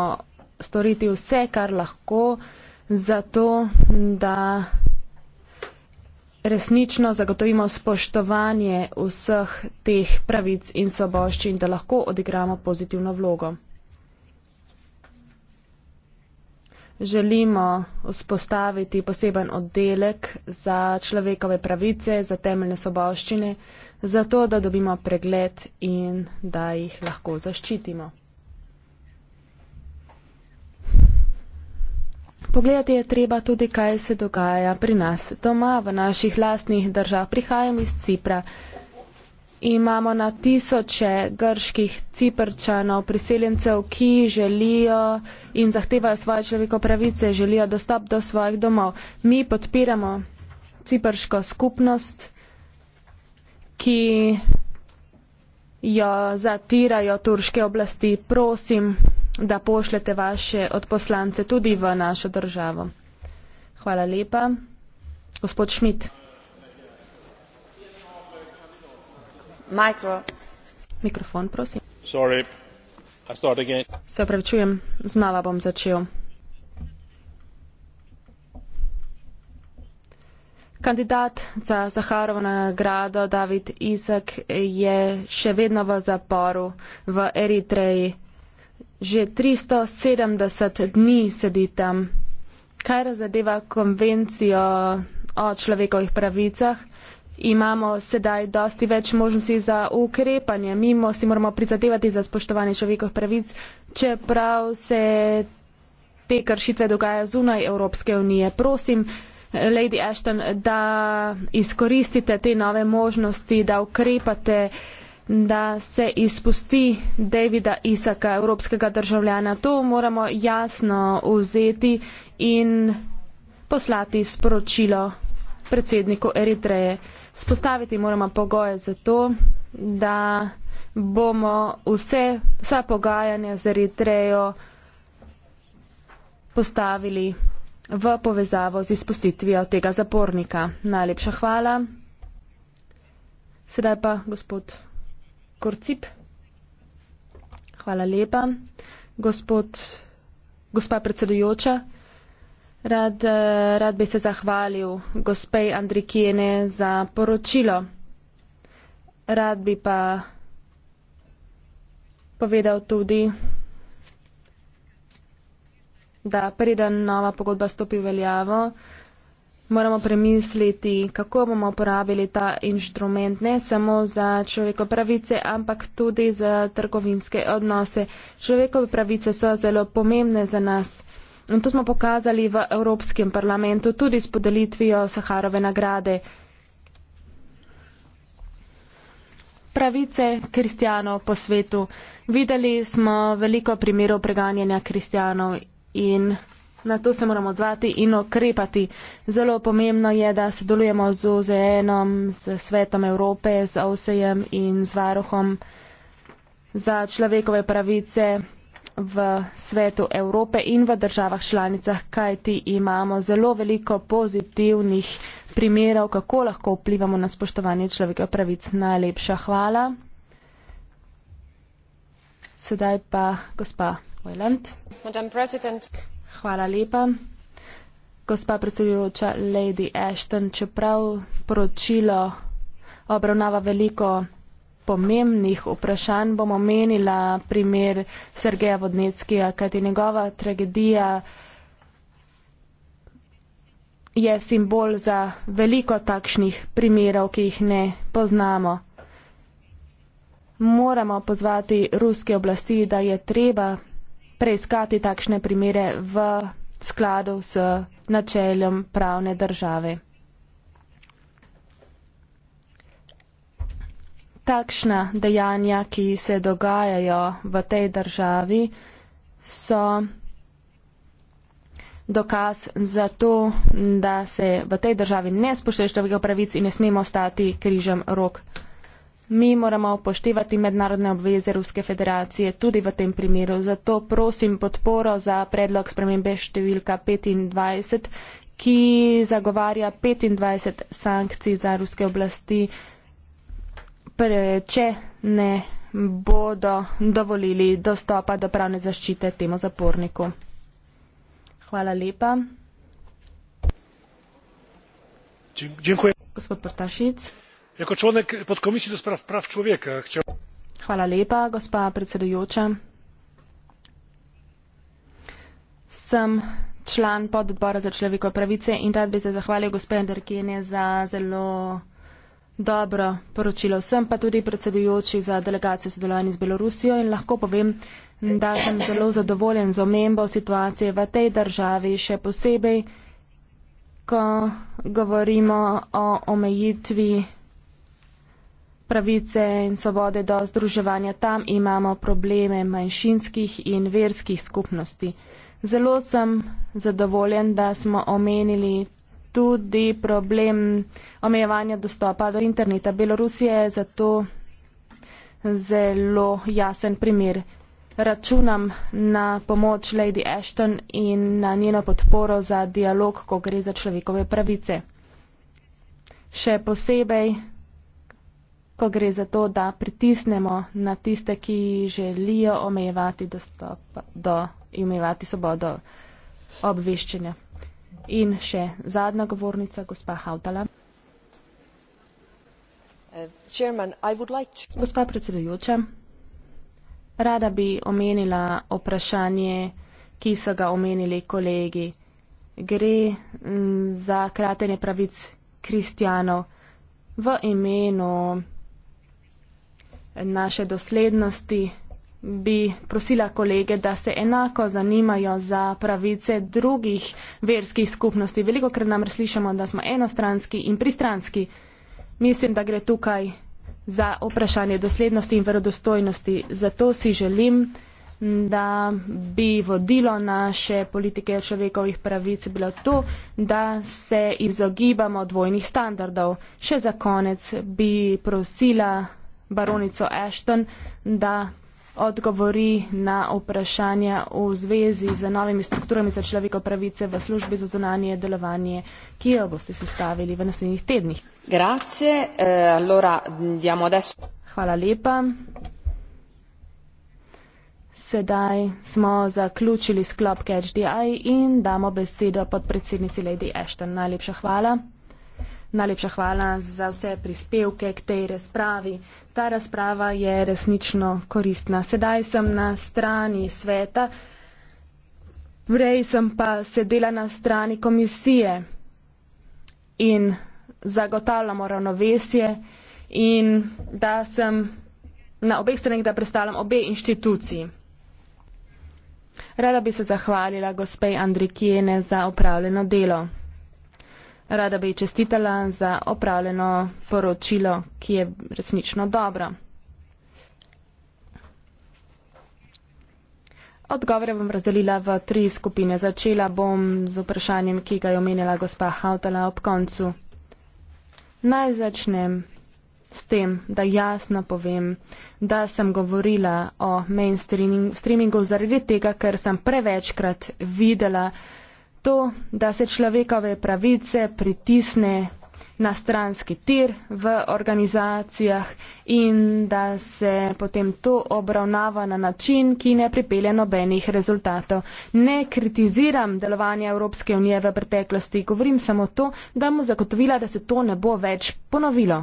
storiti vse, kar lahko, zato, da resnično zagotovimo spoštovanje vseh teh pravic in soboščin, da lahko odigramo pozitivno vlogo. Želimo vzpostaviti poseben oddelek za človekove pravice, za temeljne soboščine, zato da dobimo pregled in da jih lahko zaščitimo. Pogledati je treba tudi, kaj se dogaja pri nas doma, v naših lastnih držav. Prihajam iz Cipra. Imamo na tisoče grških ciprčanov, priseljencev, ki želijo in zahtevajo svoje človeko pravice, želijo dostop do svojih domov. Mi podpiramo ciprško skupnost, ki jo zatirajo turške oblasti. Prosim, da pošljete vaše odposlance tudi v našo državo. Hvala lepa. Gospod Šmit. Mikro. Mikrofon, prosim. Sorry. I start again. Se opravičujem, znova bom začel. Kandidat za Zaharovo nagrado David Isak je še vedno v zaporu v Eritreji že 370 dni sedi tam. Kar zadeva konvencijo o človekovih pravicah, imamo sedaj dosti več možnosti za ukrepanje. Mi si moramo prizadevati za spoštovanje človekovih pravic, čeprav se te kršitve dogajajo zunaj Evropske unije. Prosim, Lady Ashton, da izkoristite te nove možnosti, da ukrepate da se izpusti Davida Isaka, evropskega državljana. To moramo jasno vzeti in poslati sporočilo predsedniku Eritreje. Spostaviti moramo pogoje za to, da bomo vse, vsa pogajanja z Eritrejo postavili v povezavo z izpustitvijo tega zapornika. Najlepša hvala. Sedaj pa gospod Korcip. Hvala lepa. Gospod, gospa predsedujoča, rad, rad bi se zahvalil gospe Andrikijene za poročilo. Rad bi pa povedal tudi, da preden nova pogodba stopi v veljavo, moramo premisliti, kako bomo uporabili ta inštrument ne samo za človekove pravice, ampak tudi za trgovinske odnose. Človekove pravice so zelo pomembne za nas in to smo pokazali v Evropskem parlamentu tudi s podelitvijo Saharove nagrade. Pravice kristijanov po svetu. Videli smo veliko primerov preganjanja kristijanov in na to se moramo odzvati in okrepati. Zelo pomembno je, da sodelujemo z OZN-om, s Svetom Evrope, z OSEJem in z Varuhom za človekove pravice v svetu Evrope in v državah članicah, kajti imamo zelo veliko pozitivnih primerov, kako lahko vplivamo na spoštovanje človekovih pravic. Najlepša hvala. Sedaj pa gospa Ojland. Hvala lepa. Gospa predsedujoča Lady Ashton, čeprav poročilo obravnava veliko pomembnih vprašanj, bom omenila primer Sergeja Vodneckija, kajti njegova tragedija je simbol za veliko takšnih primerov, ki jih ne poznamo. Moramo pozvati ruske oblasti, da je treba preiskati takšne primere v skladu s načeljem pravne države. Takšna dejanja, ki se dogajajo v tej državi, so dokaz za to, da se v tej državi ne spoštuje človekovih pravic in ne smemo stati križem rok. Mi moramo upoštevati mednarodne obveze Ruske federacije tudi v tem primeru. Zato prosim podporo za predlog spremembe številka 25, ki zagovarja 25 sankcij za ruske oblasti, pre, če ne bodo dovolili dostopa do pravne zaščite temu zaporniku. Hvala lepa. Gospod Portašic jako członek podkomisji do spraw praw człowieka chciałbym. Hvala lepa, gospa predsedujoča. Sem član podbora za človekove pravice in rad bi se zahvalil gospe Anderkene za zelo dobro poročilo vsem, pa tudi predsedujoči za delegacijo sodelovanja z Belorusijo in lahko povem, da sem zelo zadovoljen z omembo situacije v tej državi, še posebej, ko govorimo o omejitvi pravice in svobode do združevanja, tam imamo probleme manjšinskih in verskih skupnosti. Zelo sem zadovoljen, da smo omenili tudi problem omejevanja dostopa do interneta. Belorusija je zato zelo jasen primer. Računam na pomoč Lady Ashton in na njeno podporo za dialog, ko gre za človekove pravice. Še posebej ko gre za to, da pritisnemo na tiste, ki želijo omejevati dostop do in omejevati svobodo obveščanja. In še zadnja govornica, gospa Hautala. Uh, gospa predsedujoča, rada bi omenila vprašanje, ki so ga omenili kolegi. Gre mm, za kratenje pravic kristjanov v imenu naše doslednosti, bi prosila kolege, da se enako zanimajo za pravice drugih verskih skupnosti. Veliko krat nam slišamo, da smo enostranski in pristranski. Mislim, da gre tukaj za vprašanje doslednosti in verodostojnosti. Zato si želim, da bi vodilo naše politike človekovih pravic bilo to, da se izogibamo dvojnih standardov. Še za konec bi prosila baronico Ashton, da odgovori na vprašanja v zvezi z novimi strukturami za človeko pravice v službi za zunanje delovanje, ki jo boste sestavili v naslednjih tednih. Grazie, eh, allora, adesso... Hvala lepa. Sedaj smo zaključili sklop CHDI in damo besedo podpredsednici Lady Ashton. Najlepša hvala. Najlepša hvala za vse prispevke k tej razpravi. Ta razprava je resnično koristna. Sedaj sem na strani sveta, prej sem pa sedela na strani komisije in zagotavljamo ravnovesje in da sem na obeh stranih, da predstavljam obe inštituciji. Rada bi se zahvalila gospej Andrikijene za upravljeno delo. Rada bi čestitala za opravljeno poročilo, ki je resnično dobro. Odgovore bom razdelila v tri skupine. Začela bom z vprašanjem, ki ga je omenjala gospa Hautala ob koncu. Naj začnem s tem, da jasno povem, da sem govorila o mainstreamingu zaradi tega, ker sem prevečkrat videla, to, da se človekove pravice pritisne na stranski tir v organizacijah in da se potem to obravnava na način, ki ne pripelje nobenih rezultatov. Ne kritiziram delovanja Evropske unije v preteklosti, govorim samo to, da mu zagotovila, da se to ne bo več ponovilo.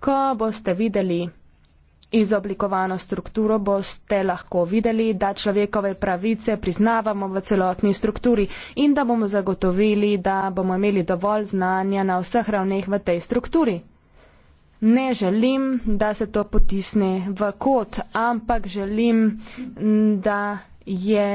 Ko boste videli izoblikovano strukturo boste lahko videli, da človekove pravice priznavamo v celotni strukturi in da bomo zagotovili, da bomo imeli dovolj znanja na vseh ravneh v tej strukturi. Ne želim, da se to potisne v kot, ampak želim, da je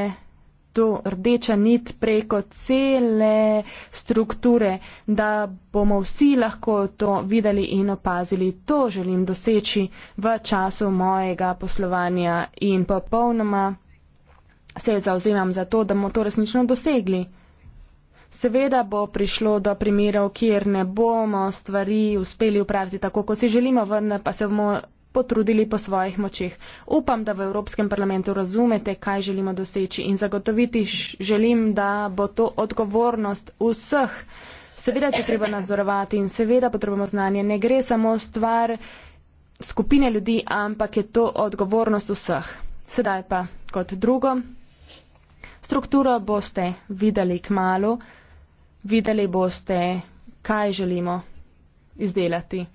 to rdeča nit preko cele strukture, da bomo vsi lahko to videli in opazili. To želim doseči v času mojega poslovanja in popolnoma se zauzemam za to, da bomo to resnično dosegli. Seveda bo prišlo do primerov, kjer ne bomo stvari uspeli upraviti tako, kot si želimo, vendar pa se bomo potrudili po svojih močeh. Upam, da v Evropskem parlamentu razumete, kaj želimo doseči in zagotoviti želim, da bo to odgovornost vseh. Seveda se treba nadzorovati in seveda potrebujemo znanje. Ne gre samo stvar skupine ljudi, ampak je to odgovornost vseh. Sedaj pa kot drugo. Strukturo boste videli k malu, videli boste, kaj želimo izdelati.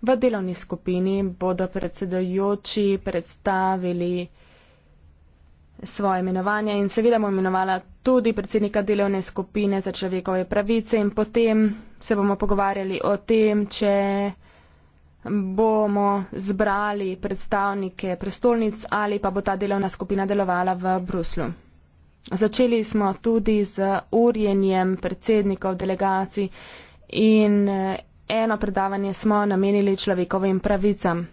V delovni skupini bodo predsedojoči predstavili svoje imenovanje in seveda bom imenovala tudi predsednika delovne skupine za človekove pravice in potem se bomo pogovarjali o tem, če bomo zbrali predstavnike prestolnic ali pa bo ta delovna skupina delovala v Bruslu. Začeli smo tudi z urjenjem predsednikov delegacij in eno predavanje smo namenili človekovim pravicam.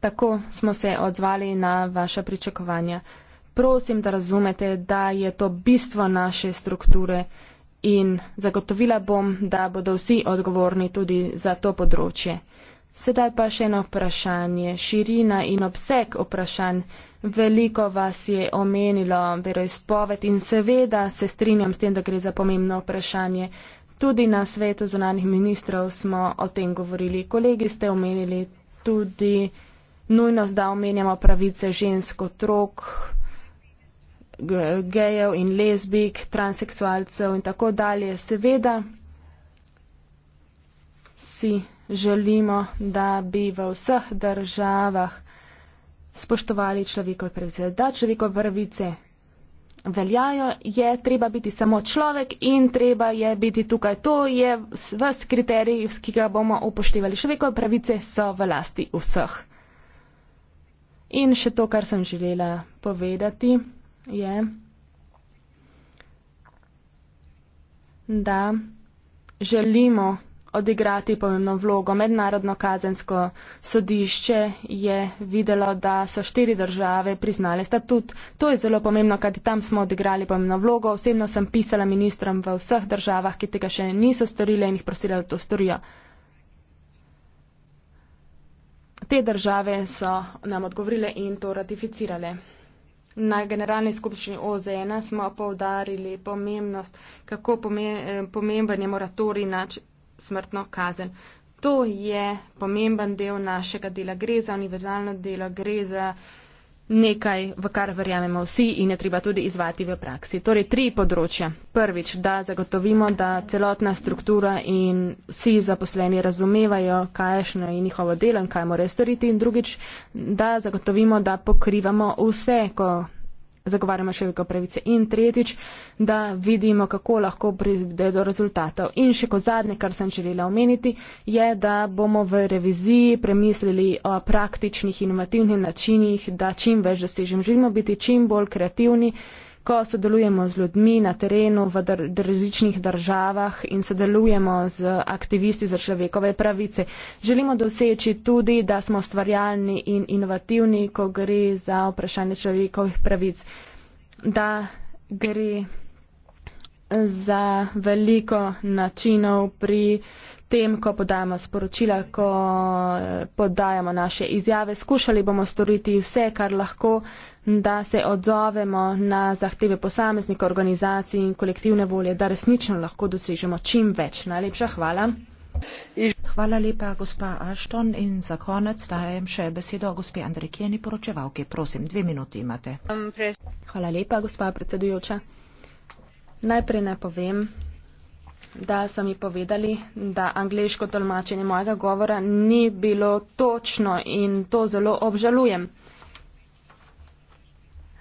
Tako smo se odzvali na vaše pričakovanja. Prosim, da razumete, da je to bistvo naše strukture in zagotovila bom, da bodo vsi odgovorni tudi za to področje. Sedaj pa še eno vprašanje. Širina in obseg vprašanj. Veliko vas je omenilo veroizpoved in seveda se strinjam s tem, da gre za pomembno vprašanje. Tudi na svetu zunanih ministrov smo o tem govorili. Kolegi ste omenili tudi nujnost, da omenjamo pravice žensk, otrok, gejev in lezbik, transeksualcev in tako dalje. Seveda si želimo, da bi v vseh državah spoštovali človekove pravice, da človekove pravice veljajo, je treba biti samo človek in treba je biti tukaj. To je vse kriterij, ki ga bomo upoštevali. Človekove pravice so v lasti vseh. In še to, kar sem želela povedati, je, da želimo odigrati pomembno vlogo. Mednarodno kazensko sodišče je videlo, da so štiri države priznale statut. To je zelo pomembno, kajti tam smo odigrali pomembno vlogo. Osebno sem pisala ministrom v vseh državah, ki tega še niso storile in jih prosila, da to storijo. Te države so nam odgovorile in to ratificirale. Na generalni skupščini OZN smo povdarili pomembnost, kako eh, pomemben je moratorij na smrtno kazen. To je pomemben del našega dela, gre za univerzalno delo, gre za nekaj, v kar verjamemo vsi in je treba tudi izvati v praksi. Torej, tri področja. Prvič, da zagotovimo, da celotna struktura in vsi zaposleni razumevajo, kaj je njihovo delo in kaj morajo storiti. In drugič, da zagotovimo, da pokrivamo vse, ko zagovarjamo človekove pravice in tretjič, da vidimo, kako lahko pride do rezultatov. In še kot zadnje, kar sem želela omeniti, je, da bomo v reviziji premislili o praktičnih inovativnih načinih, da čim več dosežemo. Želimo biti čim bolj kreativni ko sodelujemo z ljudmi na terenu v dr različnih državah in sodelujemo z aktivisti za človekove pravice. Želimo doseči tudi, da smo stvarjalni in inovativni, ko gre za vprašanje človekovih pravic, da gre za veliko načinov pri tem, ko podajamo sporočila, ko eh, podajamo naše izjave. Skušali bomo storiti vse, kar lahko, da se odzovemo na zahteve posameznikov, organizacij in kolektivne volje, da resnično lahko dosežemo čim več. Najlepša hvala. Hvala lepa, gospa Ashton. In za konec dajem še besedo gospe Andrej Kjeni, poročevalke. Prosim, dve minuti imate. Um, hvala lepa, gospa predsedujoča. Najprej naj povem, da so mi povedali, da angliško tolmačenje mojega govora ni bilo točno in to zelo obžalujem.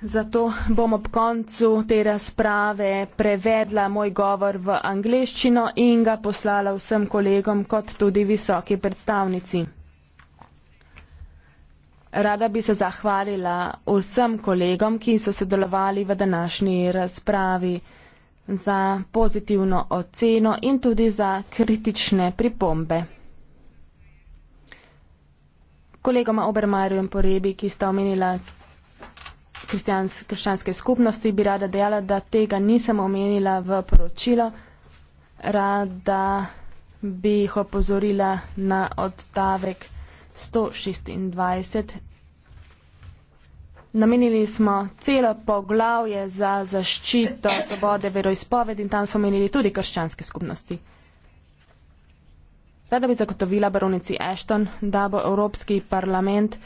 Zato bom ob koncu te razprave prevedla moj govor v angliščino in ga poslala vsem kolegom kot tudi visoki predstavnici. Rada bi se zahvalila vsem kolegom, ki so sodelovali v današnji razpravi za pozitivno oceno in tudi za kritične pripombe. Kolegoma Obermajru in Porebi, ki sta omenila krščanske skupnosti, bi rada dejala, da tega nisem omenila v poročilo. Rada bi jih opozorila na odstavek 126 Namenili smo celo poglavje za zaščito svobode veroizpovedi in tam so omenili tudi krščanske skupnosti. Rada bi zagotovila baronici Ashton, da bo Evropski parlament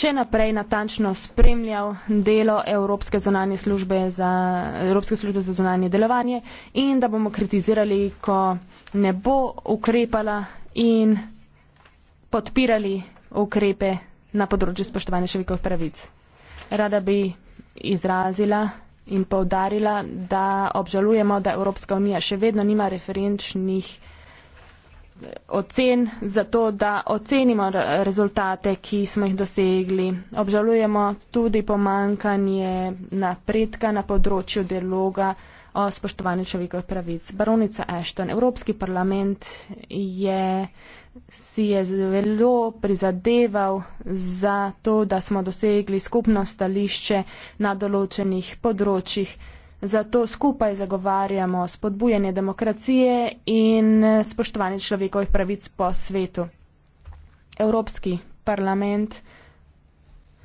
še naprej natančno spremljal delo Evropske, službe za, Evropske službe za zonanje delovanje in da bomo kritizirali, ko ne bo ukrepala in podpirali ukrepe na področju spoštovanja še pravic rada bi izrazila in povdarila, da obžalujemo, da Evropska unija še vedno nima referenčnih eh, ocen za to, da ocenimo rezultate, ki smo jih dosegli. Obžalujemo tudi pomankanje napredka na področju dialoga o spoštovanju človekovih pravic. Baronica Ashton, Evropski parlament je, si je zelo prizadeval za to, da smo dosegli skupno stališče na določenih področjih. Zato skupaj zagovarjamo spodbujanje demokracije in spoštovanje človekovih pravic po svetu. Evropski parlament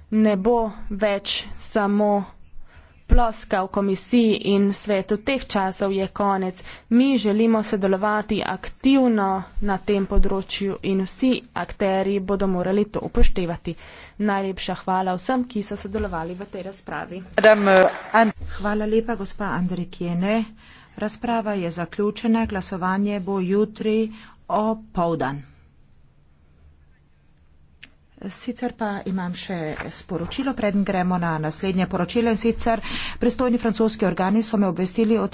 ne bo več samo ploskal komisiji in svetu teh časov je konec. Mi želimo sodelovati aktivno na tem področju in vsi akteri bodo morali to upoštevati. Najlepša hvala vsem, ki so sodelovali v tej razpravi. Eh, hvala lepa, gospa Andrej Kjene. Razprava je zaključena, glasovanje bo jutri o povdan. Sicer pa imam še sporočilo, predn gremo na naslednje poročilo in sicer pristojni francoski organi so me obvestili o tem,